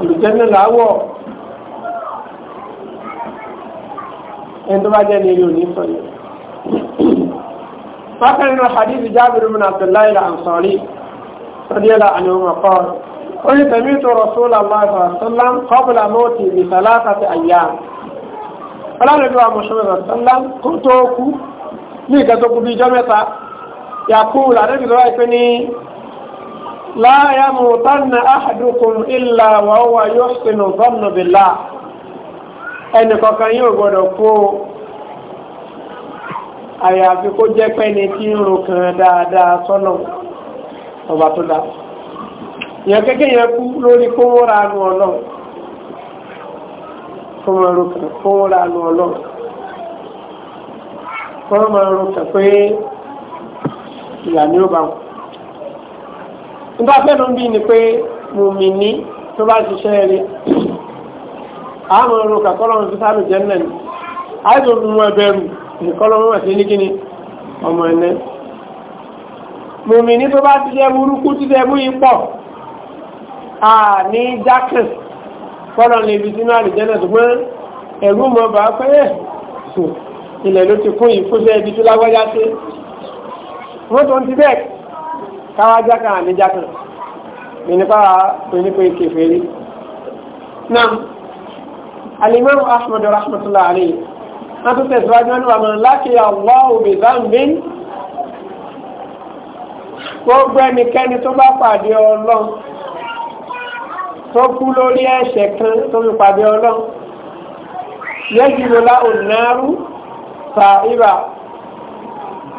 olùjẹ́nu làwọ̀ ẹni tó bá jẹ́ ní eré òní sọ yẹn. bákan nínú hadith Jabir bin Abdullahi al-Ansari radiyallahu anhu qala قل سمعت رسول الله صلى الله عليه وسلم قبل موتي بثلاثة أيام فلا نبي محمد صلى الله عليه وسلم قلت ní ìkẹtọ́kù bí ìjọ mẹ́ta يقول عن ابن رايفني لا يموتن أحدكم إلا وهو يحسن الظن بالله ẹnì kankan yóò gbọ́dọ̀ kú àyàfi kó jẹ́ pẹ́ni tí ń ro kan dáadáa sọ́nà ọba tó dá èèyàn kékeré yẹn kú lórí kó ra nu ọlọ́run kó ra nu ọlọ́run kó máa ro kan pé ìyà ni ó bá wọn. nígbà fẹ́nu bí ni pé mùmíní tó bá ṣiṣẹ́ rí àwọn ọ̀rọ̀ kàkọ́lọ́run ti sáré jẹ́ náà ni àìsàn òfin mú ẹbẹ̀rù ìkọlọ́run àti nígíní ọmọ ẹ̀nẹ́ mùmíní tó bá ti jẹ́ burúkú ti jẹ́ mú ipọ̀ à ní jákèjì kọ́lọ̀ lè fi sínú àrìjẹ́ náà ṣùgbọ́n ẹ̀rú mọ̀ bá pẹ́ ilẹ̀ ló ti kún ìfúnṣẹ́ ibi tó lágbájá sí wọ́n tó ń ti bẹ́ẹ̀ káwá jákàn àmì jákàn nípa pínípé kèfèrí náà alimami ahmed rahmatullah alayhi wọ́n tó tẹ̀síwájú wọn wà mọ̀ràn láti Allahu bi dhanbin gbogbo ẹnikẹ́ni tó bá pàdé ọlọ́run tó kú lórí ẹ̀ṣẹ̀ kan tó fi pàdé ọlọ́run yẹ́jìlélá ònàrú fa ibà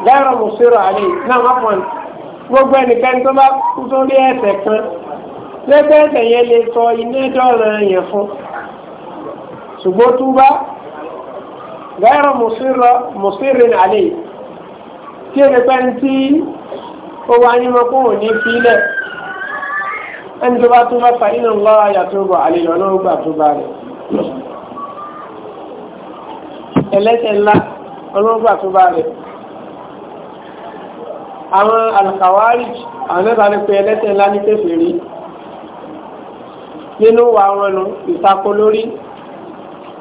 dáhùn mùsùlùmí àlè náà má pọ̀ gbogbo ẹnikẹ́ni tó bá kú tó rí ẹ̀ṣẹ̀ kan lẹ́gbẹ́ ẹ̀ṣẹ̀ yẹn lè sọ iná dọ́ràn yẹn fún ṣùgbọ́n túbá dáhùn mùsùlùmí àlè tí ẹnikẹ́ni tí ó wá ní mọ́ kó wò ní fílẹ̀ ẹni tó bá túbá fa iná ńlá yàtọ̀ bọ̀ àlè lọ́nà ó gbà túbá rẹ̀ ẹlẹ́ṣẹ̀ ńlá ọlọ́gbà túbá rẹ̀ àwọn alkawarij àwọn mẹ́ta ní pé ẹlẹ́tẹ̀ ńlá ní pèsè rí nínú wa wọn nu ìtakò lórí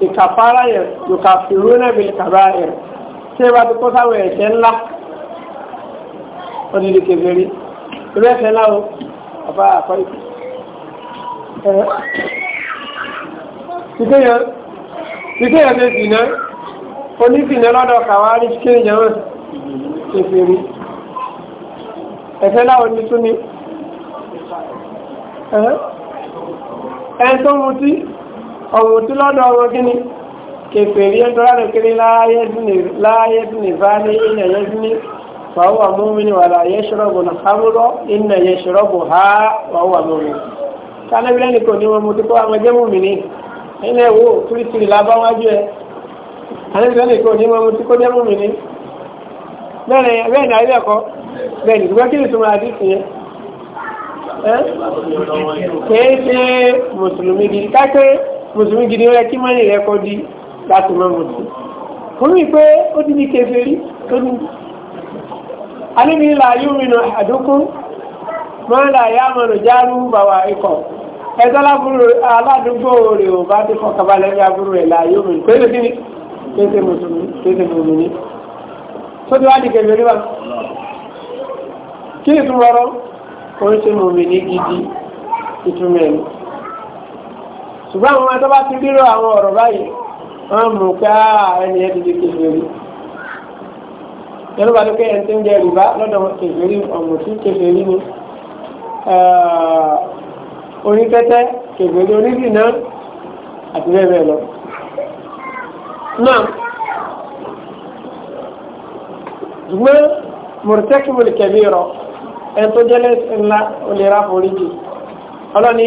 ìkàfàrà yẹn yòkàfìrú náà bí ìkàbà yẹn tí ẹ bá ti kó sáwọn ẹ̀ṣẹ̀ ńlá ó nílé kèfè rí ìlú ẹ̀ṣẹ̀ ńlá o bàbá àkọ́ ìpè ìkéyàn lè dìnnà onífìnnà lọ́dọ̀ kàwárí kéèyàn kèfè rí. ẹ̀fẹ́ láwọn ní tún ni ẹn tó mutí ọ̀rùn tí lọ́dọ̀ ọmọ gíní kèfèrí ẹjọ́ rárẹ̀ kiri láyé bá ní wà ṣọ́rọ̀bù na hamúrọ̀ iná yẹ ṣọ́rọ̀bù ha wàhúwà múmini Ka ní kò ní wọn àwọn jẹ́ lábáwájú ní kò ní wọn kó jẹ́ múmini bẹ́ẹ̀ ni ìgbọ́n kí ni tó máa dín sí yẹn kìí ṣe mùsùlùmí gidi káṣe mùsùlùmí gidi rẹ kí mọ́ni rẹ kọ́ di láti mọ́ mùsùlùmí fún mi pé ó ti di kèfèrí tó ní alébìnrin làyú mi nà àdókùn mọ́lá ìyá mọ̀nà járú bàwà ikọ̀ ẹjọ́ aládùúgbò rẹ̀ ò bá ti fọkàbalẹ̀ ní aburú rẹ̀ láàyò mi pé lè kí ni kéṣe mùsùlùmí kéṣe mùsùlùmí tó ti wá di kèfèrí wa kí ni túnmọ̀ rọ ó ń ṣe mọ̀mí ní gidi ìtumọ̀ ẹ̀mí ṣùgbọ́n àwọn ọmọ tó bá ti rírọ àwọn ọ̀rọ̀ báyìí wọ́n mú ká ẹni ẹ̀ ti di kékeré yẹnu bá lókè ẹni tó ń jẹ rìbá lọ́dọ̀ kékeré ọ̀mù tí kékeré ni oníkẹ́tẹ́ kékeré onídìínà àti bẹ́ẹ̀ bẹ́ẹ̀ lọ. náà ṣùgbọ́n mọ̀rẹ́tẹ́kì wọlé kẹ́bí rọ. ẹ̀tọ́ jẹ́lẹ̀ ńlá ó lè ra foríjì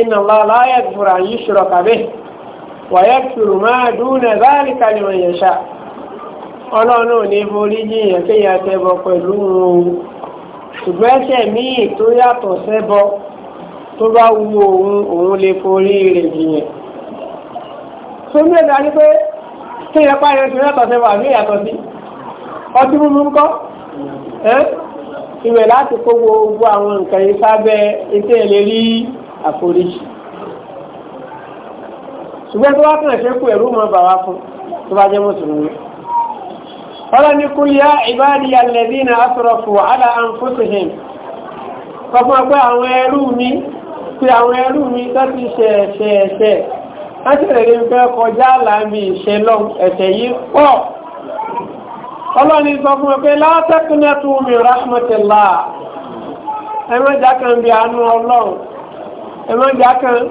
iná ńlá láyé yìí ṣùrọ̀ kàbẹ́ wàyẹ̀ fìrù máa dúnà láàrín kalẹ̀ wọ̀nyí ṣá ọlọ́run ò ní foríjì yẹn kéèyàn ṣẹbọ pẹ̀lú òun ṣùgbọ́n ẹ̀ṣẹ̀ míì tó yàtọ̀ ṣẹbọ tó bá wu òun òun lè forí rẹ̀ jìyàn tó ẹ̀dá pé pààyàn àbí sí ọtí mímú ibẹ̀ láti kó gbogbo àwọn nǹkan yìí sábẹ́ etí ẹ̀ lè rí àforíjì ṣùgbọ́n tó wá kàn ṣẹ́kù ẹ̀rú mọ́ bàwá fún tó bá jẹ́ mùsùlùmí ọlọ́ ní kú yá ìbáàdì alladhina asrafu ala anfusihim kọ́kọ́ pé àwọn ẹrú mi pé àwọn ẹrú mi tó ti ṣẹ̀ ṣẹ̀ ṣẹ̀ láti rẹ̀ ní pé kọjá ọlọ́ni sọ fún ẹgbẹ́ látẹ́kùnẹ́tù mi rahmatulá ẹmọ́jà kan bí àánú ọlọ́run ẹmọ́jà kan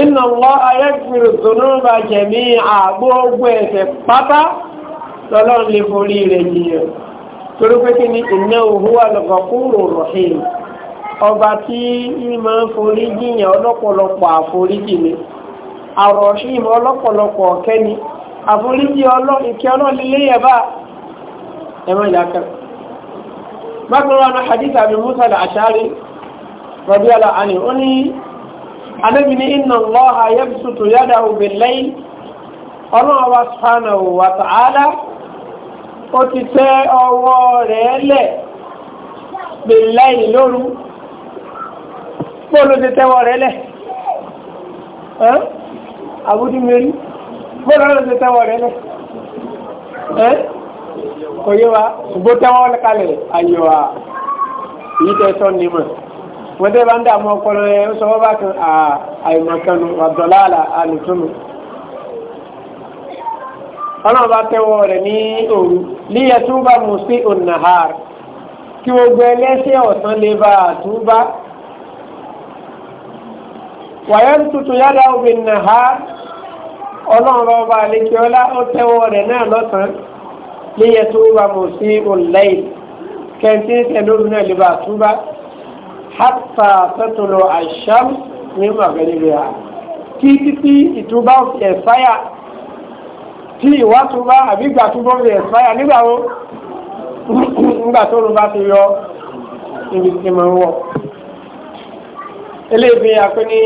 iná lọ ayẹ́gbìrì tónúbà jẹ̀mí àgbógbò ẹ̀sẹ̀ pátá lọ́lọ́run lè forí rẹ̀ yìí torí pé kí ni iná òhúwà lọ́kọ̀kúrò rọ̀hìn ọba tí ìmọ̀ forí jìyàn ọlọ́pọ̀lọpọ̀ àforíjì ni àrọ̀ṣí ọlọ́pọ̀lọpọ̀ ọ̀kẹ́ni àforíjì ọlọ́run ìkẹ́ ọlọ́run nílé yẹ̀bá ẹ̀rọ ìyàkẹ́. bákan náà ní hadith àbí musa da àṣárí rọ̀bí ọlá àní ó ní anábì ní inna Allaha yabsutu yadahu bil-layl ọlọ́run wa subhanahu wa ta'ala ó ti tẹ́ ọwọ́ rẹ̀ bọ́ọ̀lù ọ̀rọ̀ ṣe tẹ́wọ̀ rẹ̀ lẹ̀ ẹ́ kò yé wa bó tẹ́wọ́ kalẹ̀ ayọ̀wà yìí tẹ́ sọ ní mọ̀ wọ́n tẹ́ bá ń dààmú ọpọlọ ẹ ó sọ wọ́n bá kan àìmọ̀kanu àdọ̀láàlà àlùtúnù ọlọ́run bá tẹ́wọ́ rẹ̀ ní òru líyẹ túbà mú sí ònàhàr kí gbogbo ẹlẹ́ṣẹ̀ ọ̀sán lè bá àtúbà wàyẹ̀ tuntun yálà ọlọ́run ọba àlejò ọlá ó tẹ́wọ́ rẹ̀ náà lọ́sàn-án níyẹn tó wà mọ̀ sí ọ̀lẹ́yìn kẹ́ntì tẹ̀lómi náà lè bá a túbá hátà tẹ́tọ̀lọ̀ àṣàm ní màgbẹ́lẹ́bẹ̀ ha kí títí ìtúbá ẹ̀fáyà tí ìwátúbá àbí ìgbàtúbọ̀ ẹ̀fáyà nígbà wo nígbà tó ló bá ti yọ ibi tí mo ń wọ̀ eléyìí fi àpé ní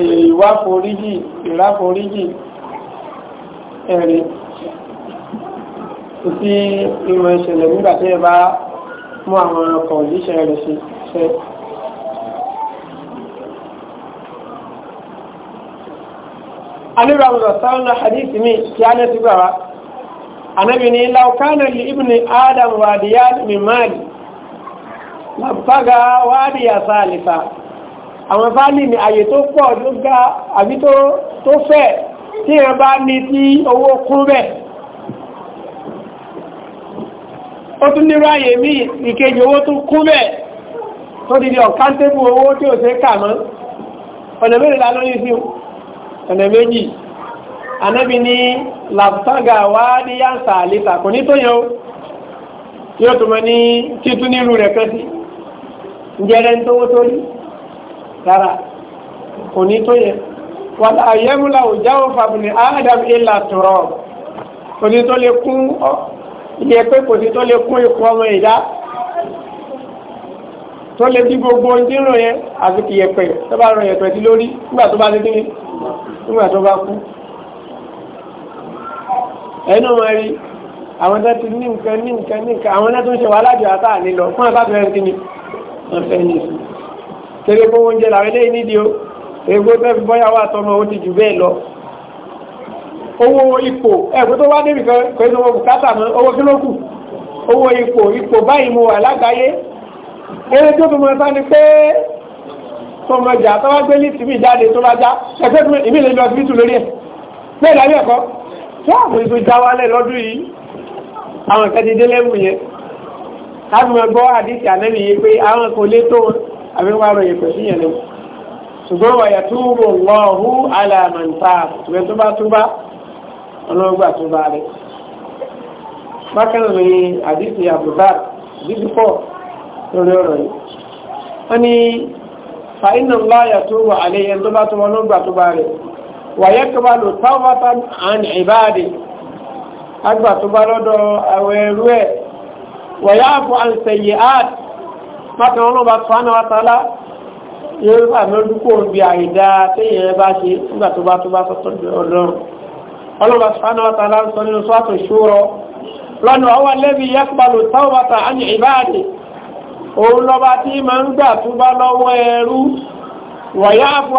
ìwá foríjì ìrá foríjì ẹ̀rí tí ìmọ̀ ìṣẹ̀lẹ̀ nígbà tí ẹ bá mú àwọn kọ̀ọ̀díṣẹ́ rẹ̀ ṣe alúbàmù sọ́nà hadith mi kí á lẹ́tí gbà wá anábi ni laukana li ibni adam wadiyan min mali labtaga wadiya salisa àwọn fáàlì ní àyè tó pọ̀ tó ga àbí tó fẹ̀ tí èèyàn bá ní tí owó kún bẹ̀ ó tún nírú àyè mí ìkejì owó tún kún bẹ̀ tó di ọ̀kántébù owó tí ò ṣe kà mọ́ ọ̀nà mẹ́rin la lórí sí ọ̀nà méjì anábi ní làbùtàgà wá ní yáǹsà àlítà kò ní tó yẹ o tó mọ ní títún nílùú rẹ̀ kẹ́sì ìjẹ́rẹ́ ń tówó tó rí rárá kò ní tó yẹ wàlá àyẹ́múlá òjáwó fàbùnì ádám ìlà tọ̀rọ̀ kò ní tó lè kún ilé pé kò ní tó lè kún ikú ọmọ ìdá tó lè di gbogbo oúnjẹ ràn yẹn àfi kì yẹpẹ tó bá ràn yẹpẹ sí lórí nígbà tó bá ti dín nígbà tó bá kú ẹnu wọn àwọn tó ti ní nǹkan ní nǹkan ní nǹkan àwọn tó ń ṣe wàhálà jù àtàlélọ fún àbábẹ̀rẹ̀ kí ni wọ́n fẹ́ ní ìsìn torí pé oúnjẹ làwọn eléyìí nídìí o ègbó tó fi bọ́yá wà tọmọ ó ti jù bẹ́ẹ̀ lọ owó ipò ẹ̀kú tó wá débi kan kò ní owó bùkátà mọ́ owó kí ló kù owó ipò ipò báyìí mo wà lágbàáyé eré tó tó mọ ẹ̀fá ni pé tọmọjà tó wá gbé lítì mí jáde tó bá já ẹgbẹ́ tó ìmí lè lọ àbíwá rẹ̀ yẹ̀pẹ̀ sí yẹn lẹ́wọ̀ ṣùgbọ́n wàyà túbọ̀ lọ́hù alàmàǹtà ṣùgbọ́n tó bá túbá ọlọ́gbà túbá rẹ̀ bákan ní àdìsí àbùdá àdìsí pọ̀ lórí ọ̀rọ̀ yìí wọ́n ní fàínà láyà túbọ̀ àlẹ́yẹn tó bá túbọ̀ ọlọ́gbà túbá rẹ̀ wàyà kọba lò táwọ́tà àn ìbáàdì àgbà túbá lọ́dọ̀ àwẹ̀rú ẹ̀ wàyà àfọ̀ àǹsẹ̀yẹ̀ áàtì bákan wọn bá tún àwọn àtàlá yóò fà mẹ́dúkú òbí àìdá téèyàn bá ṣe nígbà tó bá tó bá sọ́tọ̀ ọlọ́run ọlọ́run subhanahu wa ta'ala ń sọ nínú sọ́tò ṣúrọ lọ́nà ọwọ́ lẹ́bi yaqbalu tawbata an ibadi òun lọ́ba tí máa ń gbà tó bá lọ́wọ́ ẹrú wa ya'fu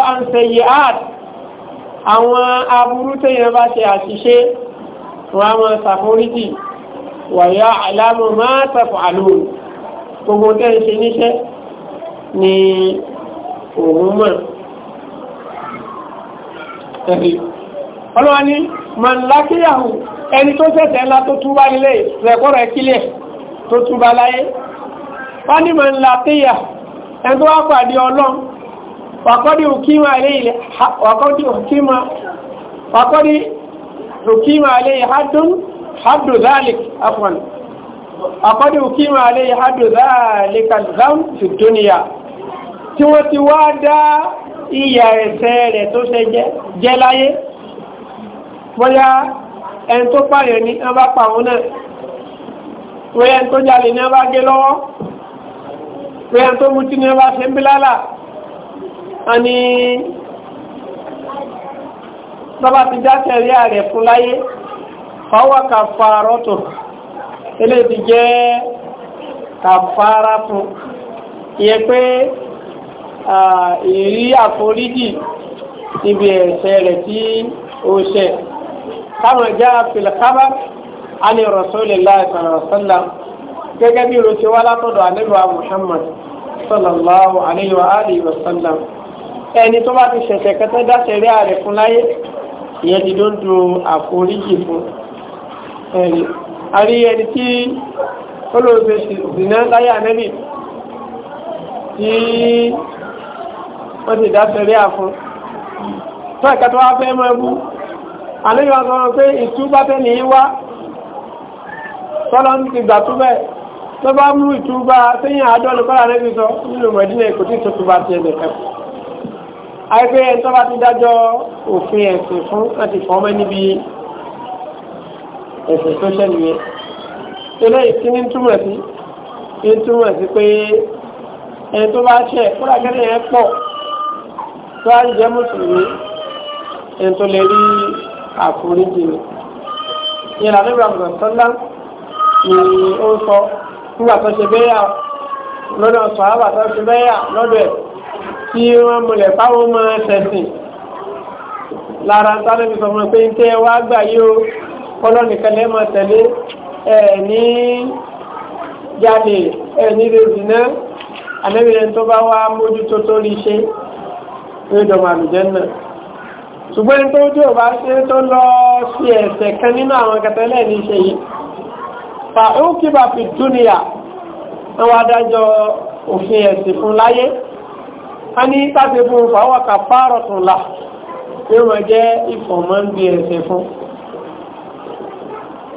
gbogbo tẹ́ ń ṣe níṣẹ́ ni òun mọ̀ ẹ̀rí ọlọ́wọ́ ní mọ̀lákíyàwó ẹni tó ṣẹ̀ṣẹ̀ ńlá tó túbá ilé rẹ̀kọ́rẹ̀ kílẹ̀ tó túbá láyé wọ́n ní mọ̀lákíyà ẹni tó wá pàdé ọlọ́run wàkọ́dí òkímà aléyìí haddùn haddùn zalik afọ́nà àkọ́dé òkíwà alẹ́ ìhádòdá lẹ́kàlùzám tìtóníyà tí wọ́n ti wá dá ìyà ẹ̀ṣẹ̀ rẹ̀ tó ṣe jẹ́ láyé bóyá ẹni tó pààyàn ní wọ́n bá pàwọn náà bóyá ẹni tó jalè ní wọ́n bá gé lọ́wọ́ bóyá ẹni tó mutí ní wọ́n ṣe ń bílálà àní eléyìí ti jẹ́ kàfàrà fún ìyẹn pé ìrí àforíjì níbi ẹ̀ṣẹ̀ rẹ̀ tí ó ṣẹ̀ táwọn ìjà pèlèkábà á lè Rasulullah sallallahu alaihi wasallam gẹ́gẹ́ bí ìròṣẹ́ wá látọ̀dọ̀ àlẹ́lùwà Muhammad sallallahu alaihi wa alihi wasallam ẹni tó bá ti ṣẹ̀ṣẹ̀ kẹta dáṣẹ̀ rí ààrẹ fún láyé ìyẹn ti dó àforíjì fún ẹ̀rí àrí ẹni tí olóògbé ṣìnà láyé ànẹ́bì tí wọ́n ti dáṣẹ̀rí àfún tó ẹ̀kẹ́ tó wá fẹ́ mọ́ ẹbú àníyàn sọ wọn pé ìtúbá tẹ́ ní wá tọ́lọ́ ti gbà tó bẹ́ẹ̀ tó bá mú ìtúbá sẹ́yìn àádọ́lù kọ́lá sọ nínú mọ̀dínà èkó tí ìtúbá ti ẹ̀bẹ̀ àìpé ẹni tó bá ti dájọ́ òfin ẹ̀sìn fún láti fọ́mọ́ níbi ẹ̀sìn tó ṣẹ́ nìyẹn eléyìí kí ní túmọ̀ sí kí ní túmọ̀ sí pé ẹni tó bá ṣẹ̀ kúrò kẹ́lẹ́ yẹn pọ̀ tó á ń jẹ́ mùsùlùmí ẹni tó lè rí àforíjì ni ìyẹn àbí ìbàmùsọ̀ sọ́lá ni ó ń sọ nígbà tó ṣe bẹ́yà lọ́dọ̀ sọ̀hábà tó ṣe bẹ́yà lọ́dọ̀ ẹ̀ tí wọ́n múlẹ̀ fáwọn ọmọ ẹ̀sìn lára ń sáré fi sọ fún mi pé ń tẹ́ wá gbà yìí o ọlọ́nìkan lẹ́ máa tẹ̀lé ẹ̀ ní jáde ẹ̀ ní rèébi náà ànábìyẹn tó bá wá mójútó tó rí ṣe ní ìdọ̀mọ̀ àlùjẹ́ náà ṣùgbọ́n ní tó ojú ọba ṣe tó lọ sí ẹ̀ṣẹ̀ kan nínú àwọn kẹtẹ́lẹ̀ ní ṣe yìí fa ó kí bá òfin ẹ̀sìn fún láyé a ní tàbí fún fàwọ́kà fárọ̀tùnlá yóò máa jẹ́ ìfọ̀mọ́ ń bí ẹ̀ṣẹ̀ fún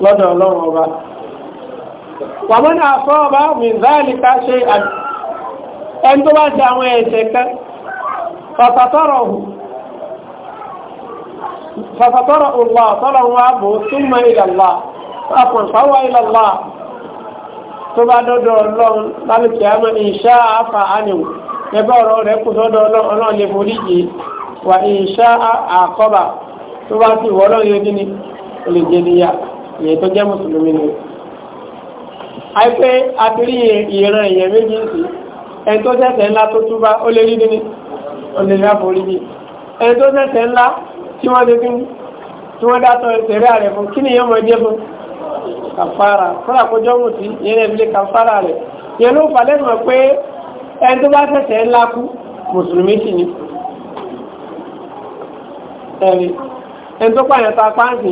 lọ́dọ̀ ọlọ́run ọba wàmọ́nà àfọ́ ọba mìíràn ṣe ẹni tó bá ṣe àwọn ẹ̀ṣẹ̀ kan fàfàtọ́rọ̀ ọ̀lá tọ́lọ̀run wa bò súnmọ́ ìlàlá àpọ̀nfàwà ìlàlá tó bá dọ́dọ̀ ọlọ́run lálùkì àmọ́ ní olè jẹ́ níyà ìyẹn tó jẹ́ mùsùlùmí ni àìpé àtìrí ìran èèyàn méjì sí ẹni tó ṣẹ̀ṣẹ̀ ńlá tó túbá ó lè rí nínú ó lè rí àforíjì ẹni tó ṣẹ̀ṣẹ̀ ńlá tí wọ́n ti fi tí wọ́n dátọ̀ ìṣẹ̀rí ààrẹ fún kí nìyẹn mọ̀ jẹ́ fún kàfàrà fúnra kójọ́ mù sí ìyẹn ẹ̀mí lè kàfàrà rẹ̀ yẹn ló fà lẹ́nu pé ẹni tó bá ṣẹ̀ṣẹ̀ ńlá kú mùsùlùmí sì ni ẹni tó pààyàn ta páǹsì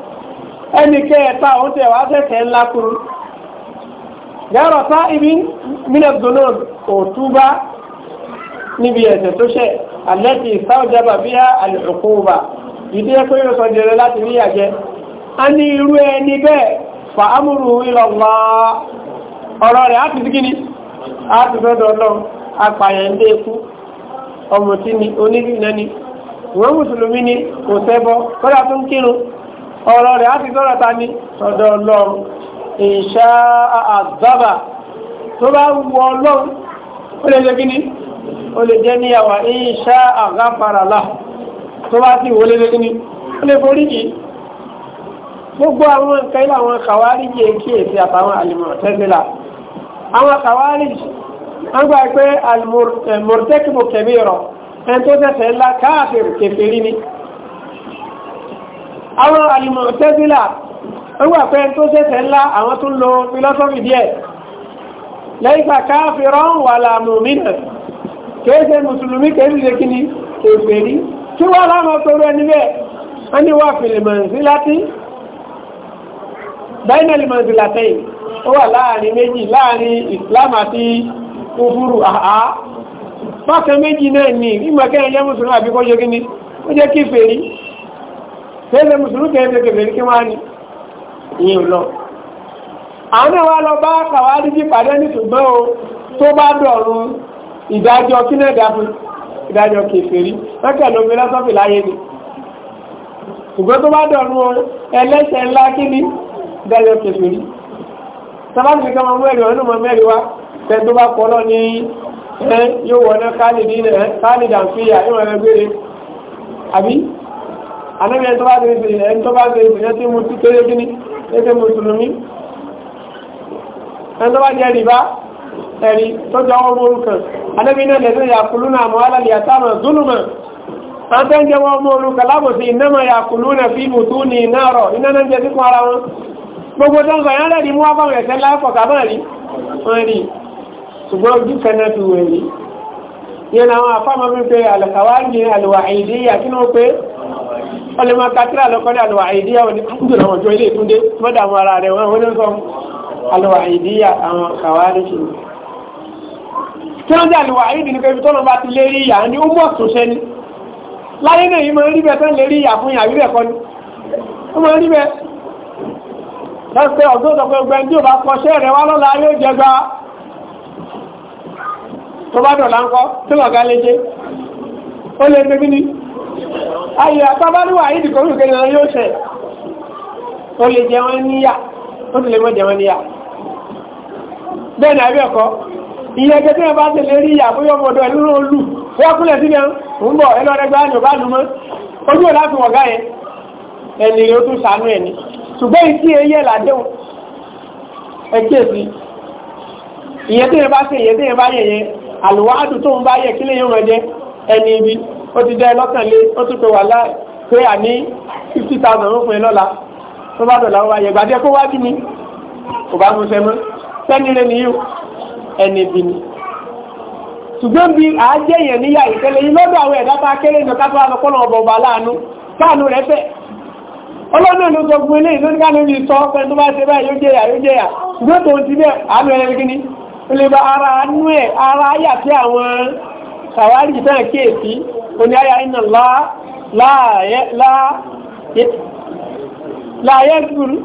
ẹni kẹta òun tẹ̀ wá sẹ̀sẹ̀ ńlá kúrú yàrá tá ibi mílẹ̀ dono òtúbá níbi ẹ̀sẹ̀ tó ṣẹ̀ àlẹ́tì sáwọ́jábà bí i àlùkùnbà ìdí ẹ̀kọ́ yóò sọ jẹrẹ láti rí àjẹ́ a ní irú ẹni bẹ́ẹ̀ fa amúrù ìlọ́wọ́ ọ̀rọ̀ rẹ̀ áti síkíní áti sọ́dọ̀ ọlọ́run apàyẹ̀ndé ikú ọmọ tí ni onírìnà ni mùsùlùmí ni kò sẹ́bọ́ kọ́dà tó ń kírun ọ̀rọ̀ rẹ̀ á fi sọ́rọ̀ ta ní ọ̀dọ̀ ọlọ́run ìṣá àzábà tó bá wù ọlọ́run ó lè jẹ́ kíní ó lè jẹ́ níyàwó ìṣá àgáfaràlá tó bá sì wọlé lé kíní ó lè forí yìí gbogbo àwọn nǹkan ilé àwọn kàwárí yìí kíyèsí àtàwọn àlùmọ̀tẹ́sílà àwọn kàwárí wọ́n gbà pé àlùmọ̀tẹ́kìmọ̀ kẹ̀mí rọ̀ ẹni tó tẹ̀sẹ̀ ńlá káàfin kẹfẹ́rí ni àwọn alìmọ̀ tẹ́sílà wíwà pé tó ṣẹ̀ṣẹ̀ ńlá àwọn tó lọ philosophy díẹ̀ lẹ́yìnbà káàfìrán wà làmùmínà kéèṣe mùsùlùmí kéèṣe kíní èfèrí kí wọ́n lámọ́ pẹ̀lú ẹni bẹ́ẹ̀ wọ́n ni wà fìlìmọ̀nsí láti bẹ́ẹ̀nẹ̀lì mọ̀nsí látẹ́yìn ó wà láàrin méjì láàrin Islam àti kúfúrù àhá bákan méjì náà ní ìmọ̀kẹ́ ẹ̀yẹ́ mùsùlùmí kéde mùsùlùmí kéde kèfèrí kí wọ́n á ní ìyẹn lọ. àwọn náà wá lọ bá kàwárí jí pàdé ní ṣùgbọ́n o tó bá dọ̀rùn ìdájọ́ kí náà dá fún ìdájọ́ kèfèrí lọ́kẹ́ lómi lọ́sọ́fì láyé ni. ṣùgbọ́n tó bá dọ̀rùn ẹlẹ́ṣẹ̀ ńlá kí ni ìdájọ́ kèfèrí. sábàbí kan máa mú ẹ̀rí ọ̀nà mọ́ mẹ́rin wá tẹ́ tó bá kọ́ lọ ní yóò wọ náà kálídà ń yóò wọ náà gbére àbí àlẹ́bí ẹni tó bá ṣe ẹni tó bá ṣe ìbùyẹ́ tí mo ti kéré kí ni ẹgbẹ́ mùsùlùmí ẹni tó bá jẹ́ rìbá ẹ̀rí tó jọ wọn mú olùkàn àlẹ́bí náà lẹ́sẹ̀ yàkùlù náà mọ́ alálì àtàmà zúlùmọ̀ àti ẹni jẹ́ wọn mú olùkàn lábòsí ìnáma yàkùlù náà fi mùtú ní iná rọ̀ iná náà jẹ́ síkún ara wọn gbogbo dọ́ngàn yẹn lẹ́rìí mú abáwọn ẹ̀sẹ̀ láìpọ̀ kàbáàrí wọn rí ọlẹ́ máa kátírà lọ́kọ́lẹ́ àlùwà àìdíyà wọn ni kúndùn àwọn ọjọ́ ilé ìtúndé mọ́dà mọ́ ara rẹ̀ wọ́n wọ́n ń sọ àlùwà àìdíyà àwọn kàwárí ṣe tí wọ́n jẹ́ àlùwà àìdí ni pé ibi tọ́nà bá ti lé rí ìyà ni ó mọ̀ tó ṣe ni láyé náà yìí máa ń rí bẹ́ẹ̀ tán lè rí ìyà fún ìyà rí bẹ́ẹ̀ kọ́ ni ó máa ń rí bẹ́ẹ̀ lọ́sẹ̀ ọ̀gbọ́n sọ pé ọgbẹ́ni tí ò bá kọ́ ṣẹ́ẹ̀rẹ̀ wá lọ́la yóò jẹ gba tó bá dọ̀la ńkọ́ tí lọ́ga lè jẹ ó lè gbé bí ni ayé àtàbálùwà yìí dìkọ̀ lùkẹ́ ìlànà yóò ṣẹ̀ ó lè jẹ wọn níyà ó sì lè mọ́ jẹ wọn níyà bẹ́ẹ̀ ni àbí ẹ̀kọ́ ìyẹn ẹgbẹ́ tí wọ́n bá tẹ̀lé rí ìyà fún yọmọ ọdọ ẹlúrò olù wọ́n kúlẹ̀ sí yẹn ń bọ̀ ni ò bá lù mọ́ ojú ò láti wọ̀gá yẹn ẹni ló tún sànú ẹni ó ti dẹ́ lọ́kànlé ó tún pé wà láì pé àní fifty thousand fún ẹ lọ́la tó bá dọ̀là wáyé ìgbàdí ẹkọ wájú ni kò bá mú sẹ́mọ́ ẹni bì ní. ṣùgbọ́n bí àájẹ́ yẹn níyà ìtẹ́lẹ̀ yìí lọ́dọ̀ àwọn ẹ̀dá a kéré ìjọ káfíńà lọ kọ́nà ọ̀bọ̀ ọ̀bà láàánú káànú rẹ fẹ́. ọlọ́dún ló sọ fún eléyìí lónìí káànú mi sọ pé tó bá ṣe báyìí yóò jẹyà yóò jẹyà ṣùgbọ́n tòun ti bẹ́ẹ̀ àánú ẹ̀ kàwárí jù náà kéèsì oní àyà iná láàyè gbúrú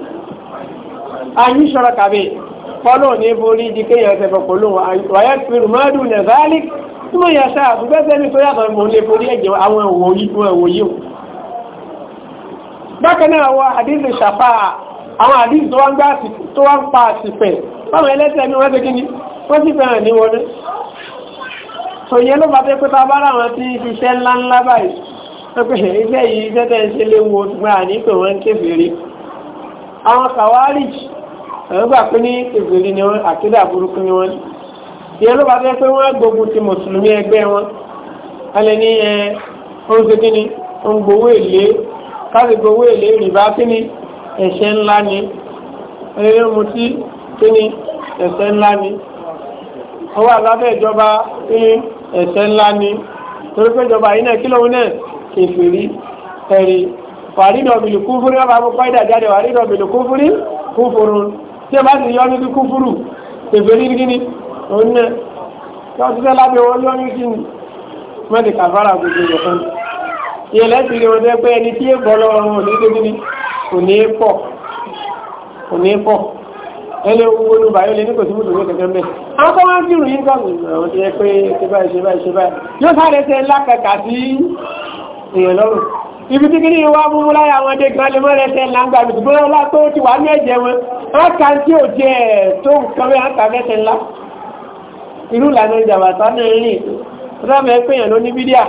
àyí ṣọ́rọ̀ kàbí fọ́lọ̀ ní borí di kéèyàn ṣẹ̀fọ̀ pẹ̀lú wàyẹ̀ pẹ̀lú mọ́dún nẹ̀zálì tí mo yẹ ṣáà àbúgbẹ́sẹ̀ ní tó yàtọ̀ mọ̀ lè borí ẹ̀jẹ̀ àwọn ìwòyí bákan náà wọ àdíṣe ṣàfáà àwọn àdíṣe tó wá ń pa àṣìfẹ̀ báwọn ẹlẹ́sẹ̀ ní wọ́n ti kí ni wọ́n ti fẹ́ràn ní wọlé òye ló bá tẹ́ pé tá a bá ráwọn tí iṣẹ́ ńláńlá báyìí tó pé iṣẹ́ yìí iṣẹ́ ń ṣe léwu ṣùgbọ́n àní pé wọ́n ń kéfèrè àwọn kàwárì àwọn gbà pé ní kéfèrè ni wọ́n àkídà burúkú ni wọ́n ìyẹn ló bá tẹ́ pé wọ́n gbógun ti mùsùlùmí ẹgbẹ́ wọn alẹ́ ní ẹ oun ṣe kí ni oun gbowó èlé káàdì gbowó èlé rìbá kí ni ẹ̀ṣẹ̀ ńlá ni ẹ̀rẹ́ mu tí kí ni ẹ̀ṣẹ̀ ńlá ni ó wà ìjọba kí ni ẹ̀ṣẹ̀ ńlá ni torí pé ìjọba yìí náà kí lóun náà kèfèrí ẹ̀rí wàrídọ̀ bìlì kúfúrú ọba mú pàdé àjáde wàrídọ̀ bìlì kúfúrú kúfúrú tí ẹ bá ti yọ ní kúfúrú kèfèrí gíní òun náà tí wọ́n ti sẹ́ lábẹ́ wọn yọ ní kíni mẹ́tì kàfàrà gbogbo ìjọkan ìyẹlẹ́ ti rí wọn pé ẹni tí èèbọ̀ lọ́wọ́ òní ẹlẹ́ owó ní bàyọ́ lé ní kò sí mùsùlùmí kẹ̀kẹ́ mẹ́. àwọn tó wọ́n ń dìrò yín gbàgbọ́ àwọn ti yẹ pé ṣe báyìí ṣe báyìí ṣe báyìí yóò sáré ṣe ńlá kẹ̀kà sí èèyàn lọ́rùn. ibi tí kìíní wá mú láyé àwọn adé gan lè mọ́rẹ́ ṣe ńlá gbàgbé ṣùgbọ́n ọlá tó ti wà ní ẹ̀jẹ̀ wọn wọ́n kà ń tí ò jẹ́ tó nǹkan mẹ́ àǹkà mẹ́sẹ̀ ńlá. irú ìlànà ìjàmbá sánà rìn rámẹ́ pèèyàn ló ní bídíà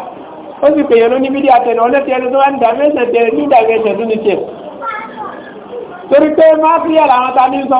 ó sì pèèyàn ló ní bídíà tẹ̀lé ọlẹ́tì ẹni tó wá ń dà mẹ́sẹ̀ tẹ̀lé ní ìdàgẹ́sẹ̀ tó torí pé máfíà làwọn ta ní sọ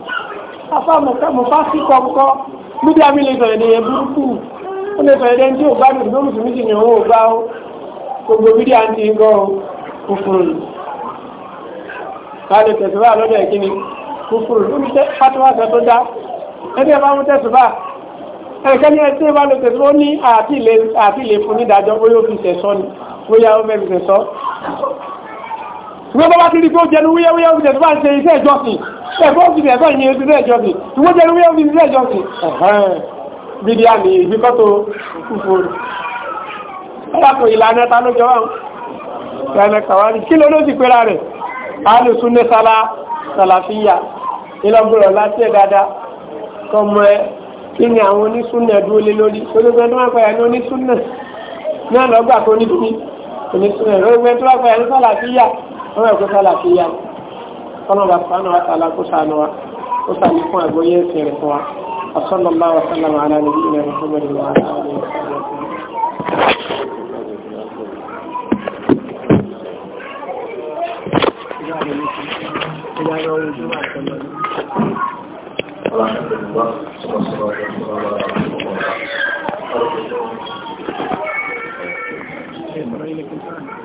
afá mọ̀fá sí kọ̀ọ̀kọ́ mídíà mi lè sọ̀rọ̀ ènìyàn burúkú ó lè sọ̀rọ̀ ẹni tí ò bá dùn lórí sùn méjì ni òun ò bá ó gbogbo mídíà ń ti gọ́ kúfùrù káàdì tẹ̀síwá lọ́dọ̀ ẹ̀kíní kúfùrù ó ní tẹ́ fatiwa sọ tó dá ẹni ẹ bá mú tẹ̀síwá ẹ̀kẹ́ni ẹ tí ẹ bá lọ tẹ̀síwá ó ní àti ilé fún nídàájọ́ bóyá ó fi tẹ̀sọ́ ni bóyá ó fẹ́ ṣùgbọ́n bá ti rí pé ó jẹnu wíyẹ́wíyẹ́ òfìsẹ̀ tó bá ń ṣe iṣẹ́ ìjọsìn ẹ̀fọ́ òfìsẹ̀ ẹ̀fọ́ ìyẹn ti iṣẹ́ ìjọsìn ṣùgbọ́n jẹnu wíyẹ́ òfìsẹ̀ iṣẹ́ ìjọsìn bíbí àmì ìgbíkọ́tò kúfòrò ẹ̀yàpọ̀ ìlànà ta ló jọwọ́ ìlànà kàwárí kí ló ló ti pera rẹ̀ alùsúnlé sálá sàlàfíyà ìlọ́gbọ̀rọ̀ láti ẹ̀ dáadáa kọmọ ẹ kí ni àwọn onísúnnà dúró lé lórí olóògbé tó máa pẹ̀yà ní onísúnnà náà lọ́gbà tó ní kí onísúnnà olóògbé tó máa pẹ̀yà ní sàlàfíyà wọ́n yẹ kó sálà fi yá kọ́nà bá sànù wa tààlà kó sànù wa kó sànù fún àgbóyé ìsìnrìn fún wa sallallahu wa sallam ala nabiyyina muhammadin wa ala alihi wa sahbihi Thank you.